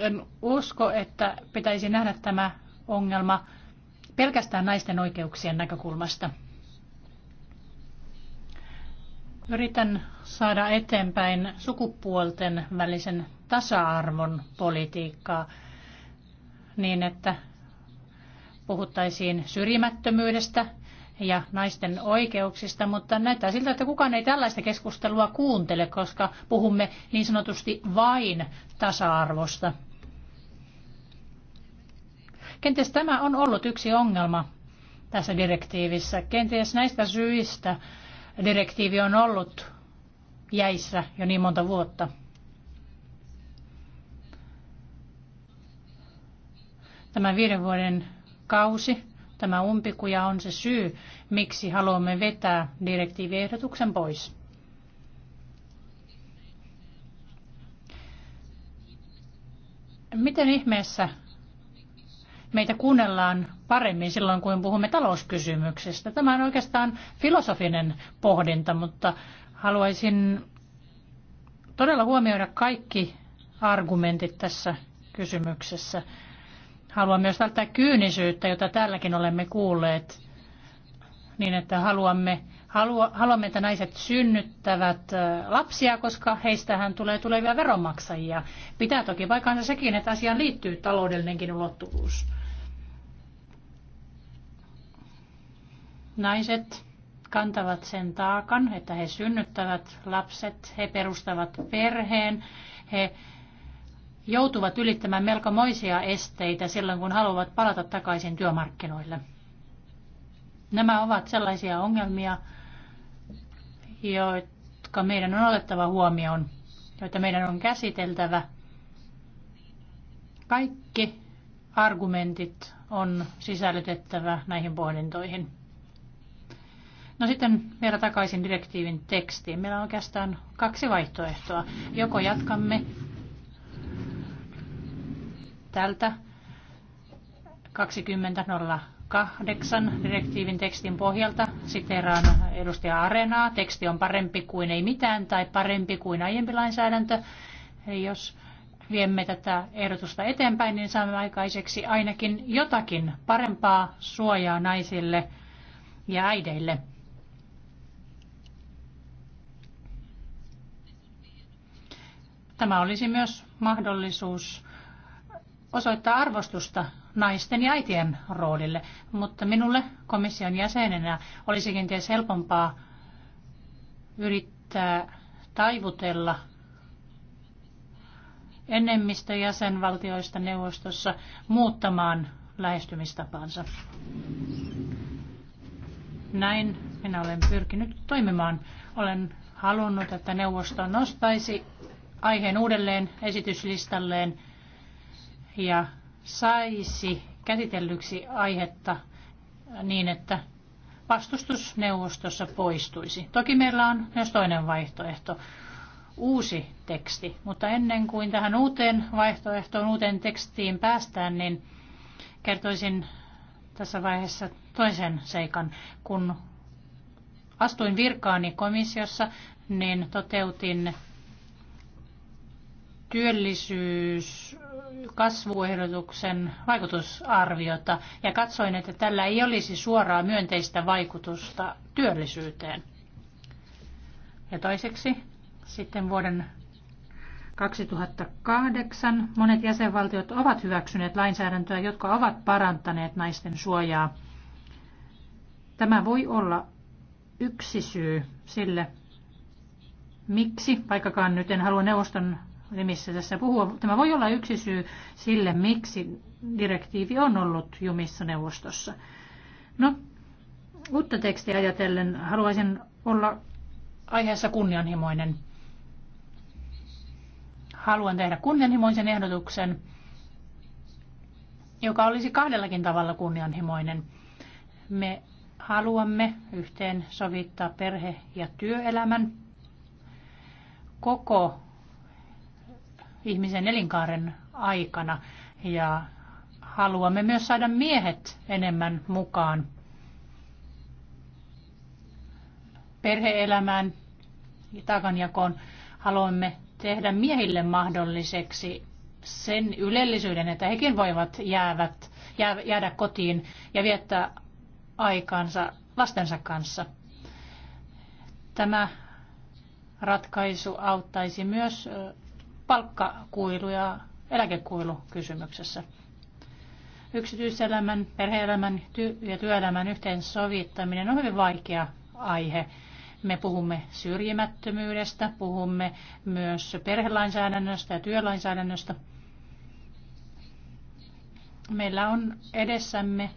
en usko, että pitäisi nähdä tämä ongelma pelkästään naisten oikeuksien näkökulmasta. Yritän saada eteenpäin sukupuolten välisen tasa-arvon politiikkaa niin, että puhuttaisiin syrjimättömyydestä, ja naisten oikeuksista, mutta näyttää siltä, että kukaan ei tällaista keskustelua kuuntele, koska puhumme niin sanotusti vain tasa-arvosta. Kenties tämä on ollut yksi ongelma tässä direktiivissä. Kenties näistä syistä direktiivi on ollut jäissä jo niin monta vuotta. Tämä viiden vuoden kausi Tämä umpikuja on se syy, miksi haluamme vetää direktiiviehdotuksen pois. Miten ihmeessä meitä kuunnellaan paremmin silloin, kun puhumme talouskysymyksistä? Tämä on oikeastaan filosofinen pohdinta, mutta haluaisin todella huomioida kaikki argumentit tässä kysymyksessä. Haluan myös välttää kyynisyyttä, jota tälläkin olemme kuulleet, niin että haluamme, halua, haluamme, että naiset synnyttävät lapsia, koska heistähän tulee tulevia veronmaksajia. Pitää toki paikkaansa sekin, että asiaan liittyy taloudellinenkin ulottuvuus. Naiset kantavat sen taakan, että he synnyttävät lapset, he perustavat perheen, he joutuvat ylittämään melkomoisia esteitä silloin, kun haluavat palata takaisin työmarkkinoille. Nämä ovat sellaisia ongelmia, jotka meidän on otettava huomioon, joita meidän on käsiteltävä. Kaikki argumentit on sisällytettävä näihin pohdintoihin. No sitten vielä takaisin direktiivin tekstiin. Meillä on oikeastaan kaksi vaihtoehtoa. Joko jatkamme tältä 20.08 direktiivin tekstin pohjalta. Siteraan edustaja Arenaa. Teksti on parempi kuin ei mitään tai parempi kuin aiempi lainsäädäntö. Eli jos viemme tätä ehdotusta eteenpäin, niin saamme aikaiseksi ainakin jotakin parempaa suojaa naisille ja äideille. Tämä olisi myös mahdollisuus osoittaa arvostusta naisten ja äitien roolille, mutta minulle komission jäsenenä olisi kenties helpompaa yrittää taivutella enemmistö jäsenvaltioista neuvostossa muuttamaan lähestymistapaansa. Näin minä olen pyrkinyt toimimaan. Olen halunnut, että neuvosto nostaisi aiheen uudelleen esityslistalleen – ja saisi käsitellyksi aihetta niin, että vastustus neuvostossa poistuisi. Toki meillä on myös toinen vaihtoehto, uusi teksti, mutta ennen kuin tähän uuteen vaihtoehtoon, uuteen tekstiin päästään, niin kertoisin tässä vaiheessa toisen seikan. Kun astuin virkaani komissiossa, niin toteutin työllisyyskasvuehdotuksen vaikutusarviota ja katsoin, että tällä ei olisi suoraa myönteistä vaikutusta työllisyyteen. Ja toiseksi sitten vuoden 2008 monet jäsenvaltiot ovat hyväksyneet lainsäädäntöä, jotka ovat parantaneet naisten suojaa. Tämä voi olla yksi syy sille, miksi, vaikkakaan nyt en halua neuvoston nimissä tässä puhua. Tämä voi olla yksi syy sille, miksi direktiivi on ollut jumissa neuvostossa. No, uutta tekstiä ajatellen haluaisin olla aiheessa kunnianhimoinen. Haluan tehdä kunnianhimoisen ehdotuksen, joka olisi kahdellakin tavalla kunnianhimoinen. Me haluamme yhteen sovittaa perhe- ja työelämän koko ihmisen elinkaaren aikana ja haluamme myös saada miehet enemmän mukaan perheelämään ja taakanjakoon. Haluamme tehdä miehille mahdolliseksi sen ylellisyyden, että hekin voivat jäävät, jäädä kotiin ja viettää aikaansa lastensa kanssa. Tämä ratkaisu auttaisi myös palkkakuilu ja eläkekuilu kysymyksessä. Yksityiselämän, perheelämän ja työelämän yhteensovittaminen on hyvin vaikea aihe. Me puhumme syrjimättömyydestä, puhumme myös perhelainsäädännöstä ja työlainsäädännöstä. Meillä on edessämme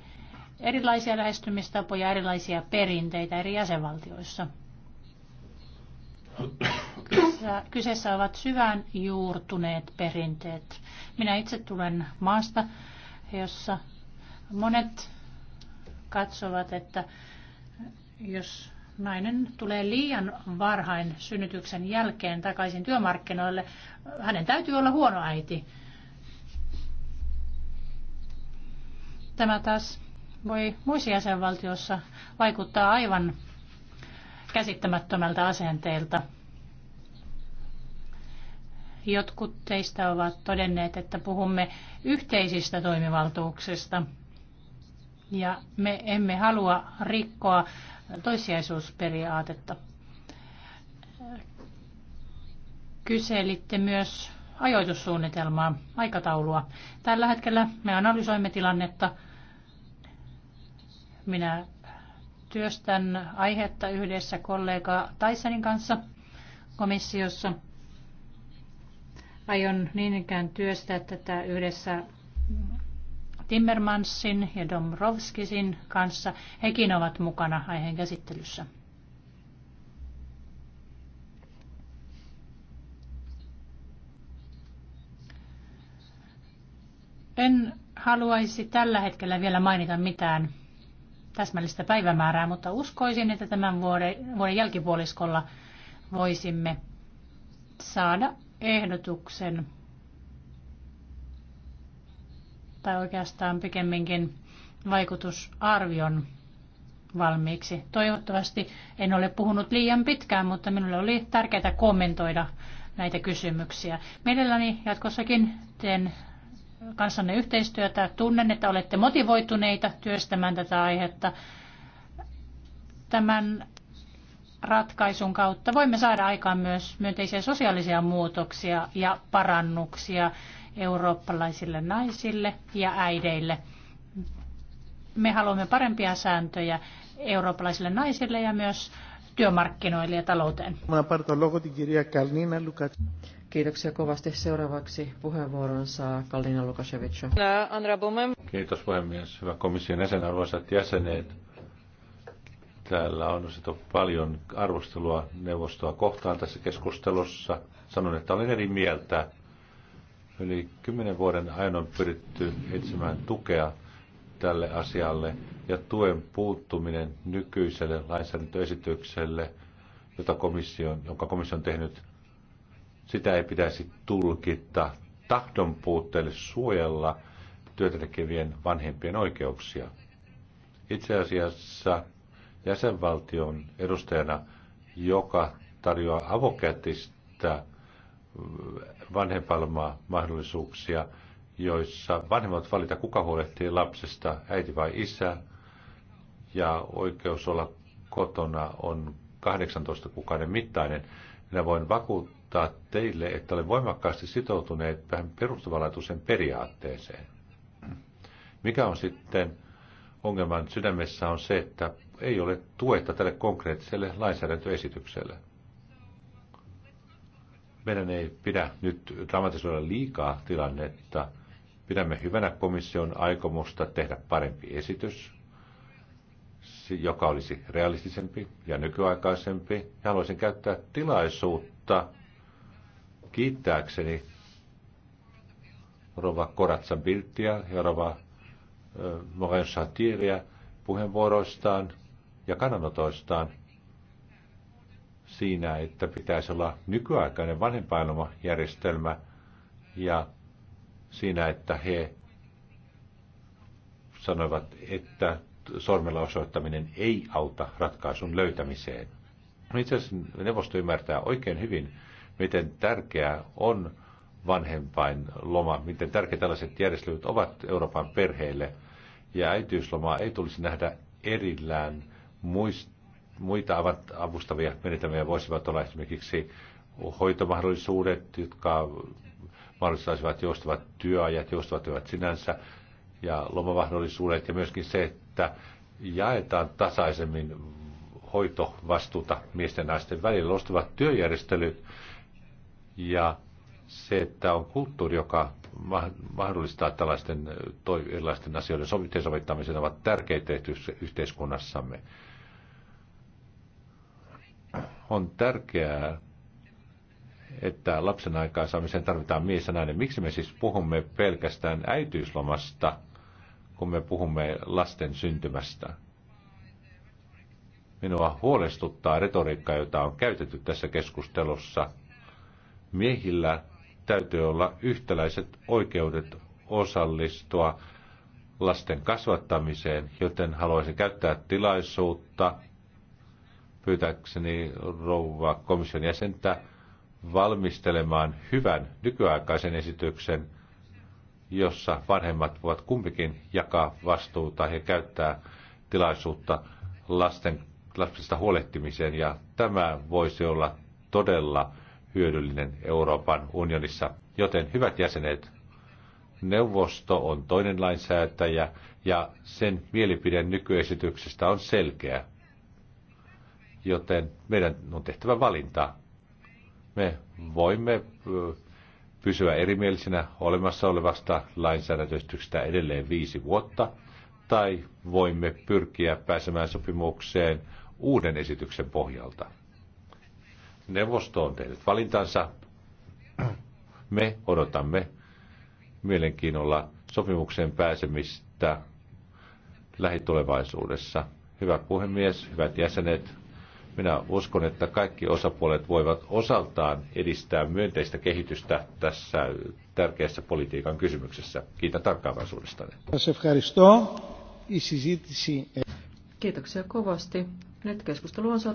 erilaisia lähestymistapoja, erilaisia perinteitä eri jäsenvaltioissa – Kyseessä ovat syvään juurtuneet perinteet. Minä itse tulen maasta, jossa monet katsovat, että jos nainen tulee liian varhain synnytyksen jälkeen takaisin työmarkkinoille, hänen täytyy olla huono äiti. Tämä taas voi muissa jäsenvaltioissa vaikuttaa aivan käsittämättömältä asenteelta. Jotkut teistä ovat todenneet, että puhumme yhteisistä toimivaltuuksista ja me emme halua rikkoa toissijaisuusperiaatetta. Kyselitte myös ajoitussuunnitelmaa, aikataulua. Tällä hetkellä me analysoimme tilannetta. Minä Työstän aihetta yhdessä kollega Tysonin kanssa komissiossa. Aion niin ikään työstää tätä yhdessä Timmermansin ja Domrovskisin kanssa. Hekin ovat mukana aiheen käsittelyssä. En haluaisi tällä hetkellä vielä mainita mitään täsmällistä päivämäärää, mutta uskoisin, että tämän vuoden, vuoden jälkipuoliskolla voisimme saada ehdotuksen tai oikeastaan pikemminkin vaikutusarvion valmiiksi. Toivottavasti en ole puhunut liian pitkään, mutta minulle oli tärkeää kommentoida näitä kysymyksiä. Mielelläni jatkossakin teen kanssanne yhteistyötä. Tunnen, että olette motivoituneita työstämään tätä aihetta. Tämän ratkaisun kautta voimme saada aikaan myös myönteisiä sosiaalisia muutoksia ja parannuksia eurooppalaisille naisille ja äideille. Me haluamme parempia sääntöjä eurooppalaisille naisille ja myös työmarkkinoille ja talouteen.
Kiitoksia kovasti. Seuraavaksi puheenvuoron saa Kalina Lukasevic.
Kiitos puhemies. Hyvä komission jäsen, arvoisat jäsenet. Täällä on osittu paljon arvostelua neuvostoa kohtaan tässä keskustelussa. Sanon, että olen eri mieltä. Yli kymmenen vuoden ajan on pyritty etsimään tukea tälle asialle ja tuen puuttuminen nykyiselle lainsäädäntöesitykselle, jota komission, jonka komissio on tehnyt sitä ei pitäisi tulkita tahdon puutteelle suojella työtä tekevien vanhempien oikeuksia. Itse asiassa jäsenvaltion edustajana, joka tarjoaa avokätistä vanhempalmaa mahdollisuuksia, joissa vanhemmat valita, kuka huolehtii lapsesta, äiti vai isä, ja oikeus olla kotona on 18 kuukauden mittainen. Minä voin vakuuttaa, osoittaa teille, että olen voimakkaasti sitoutuneet tähän perustavanlaatuisen periaatteeseen. Mikä on sitten ongelman sydämessä on se, että ei ole tuetta tälle konkreettiselle lainsäädäntöesitykselle. Meidän ei pidä nyt dramatisoida liikaa tilannetta. Pidämme hyvänä komission aikomusta tehdä parempi esitys, joka olisi realistisempi ja nykyaikaisempi. Ja haluaisin käyttää tilaisuutta kiittääkseni rova Koratsa Biltia ja rova Moren Satiria puheenvuoroistaan ja kannanotoistaan siinä, että pitäisi olla nykyaikainen vanhempainomajärjestelmä ja siinä, että he sanoivat, että sormella osoittaminen ei auta ratkaisun löytämiseen. No itse asiassa neuvosto ymmärtää oikein hyvin miten tärkeää on vanhempain loma, miten tärkeät tällaiset järjestelyt ovat Euroopan perheille. Ja äitiyslomaa ei tulisi nähdä erillään muita avustavia menetelmiä voisivat olla esimerkiksi hoitomahdollisuudet, jotka mahdollistaisivat joustavat työajat, joustavat työt sinänsä ja lomavahdollisuudet ja myöskin se, että jaetaan tasaisemmin hoitovastuuta miesten ja naisten välillä. Loistavat työjärjestelyt ja se, että on kulttuuri, joka mahdollistaa tällaisten erilaisten asioiden yhteensovittamisen, ovat tärkeitä yhteiskunnassamme. On tärkeää, että lapsen aikaa saamiseen tarvitaan mies ja nainen. Miksi me siis puhumme pelkästään äitiyslomasta, kun me puhumme lasten syntymästä? Minua huolestuttaa retoriikka, jota on käytetty tässä keskustelussa – miehillä täytyy olla yhtäläiset oikeudet osallistua lasten kasvattamiseen, joten haluaisin käyttää tilaisuutta pyytäkseni rouva komission jäsentä valmistelemaan hyvän nykyaikaisen esityksen, jossa vanhemmat voivat kumpikin jakaa vastuuta ja käyttää tilaisuutta lasten, lapsista huolehtimiseen. Ja tämä voisi olla todella hyödyllinen Euroopan unionissa. Joten hyvät jäsenet, neuvosto on toinen lainsäätäjä ja sen mielipide nykyesityksestä on selkeä. Joten meidän on tehtävä valinta. Me voimme pysyä erimielisinä olemassa olevasta lainsäädäntöstyksestä edelleen viisi vuotta, tai voimme pyrkiä pääsemään sopimukseen uuden esityksen pohjalta. Neuvosto on tehnyt valintansa. Me odotamme mielenkiinnolla sopimukseen pääsemistä lähitulevaisuudessa. Hyvä puhemies, hyvät jäsenet, minä uskon, että kaikki osapuolet voivat osaltaan edistää myönteistä kehitystä tässä tärkeässä politiikan kysymyksessä. Kiitän tarkkaavaisuudestanne.
Kiitoksia kovasti. Nyt keskustelu on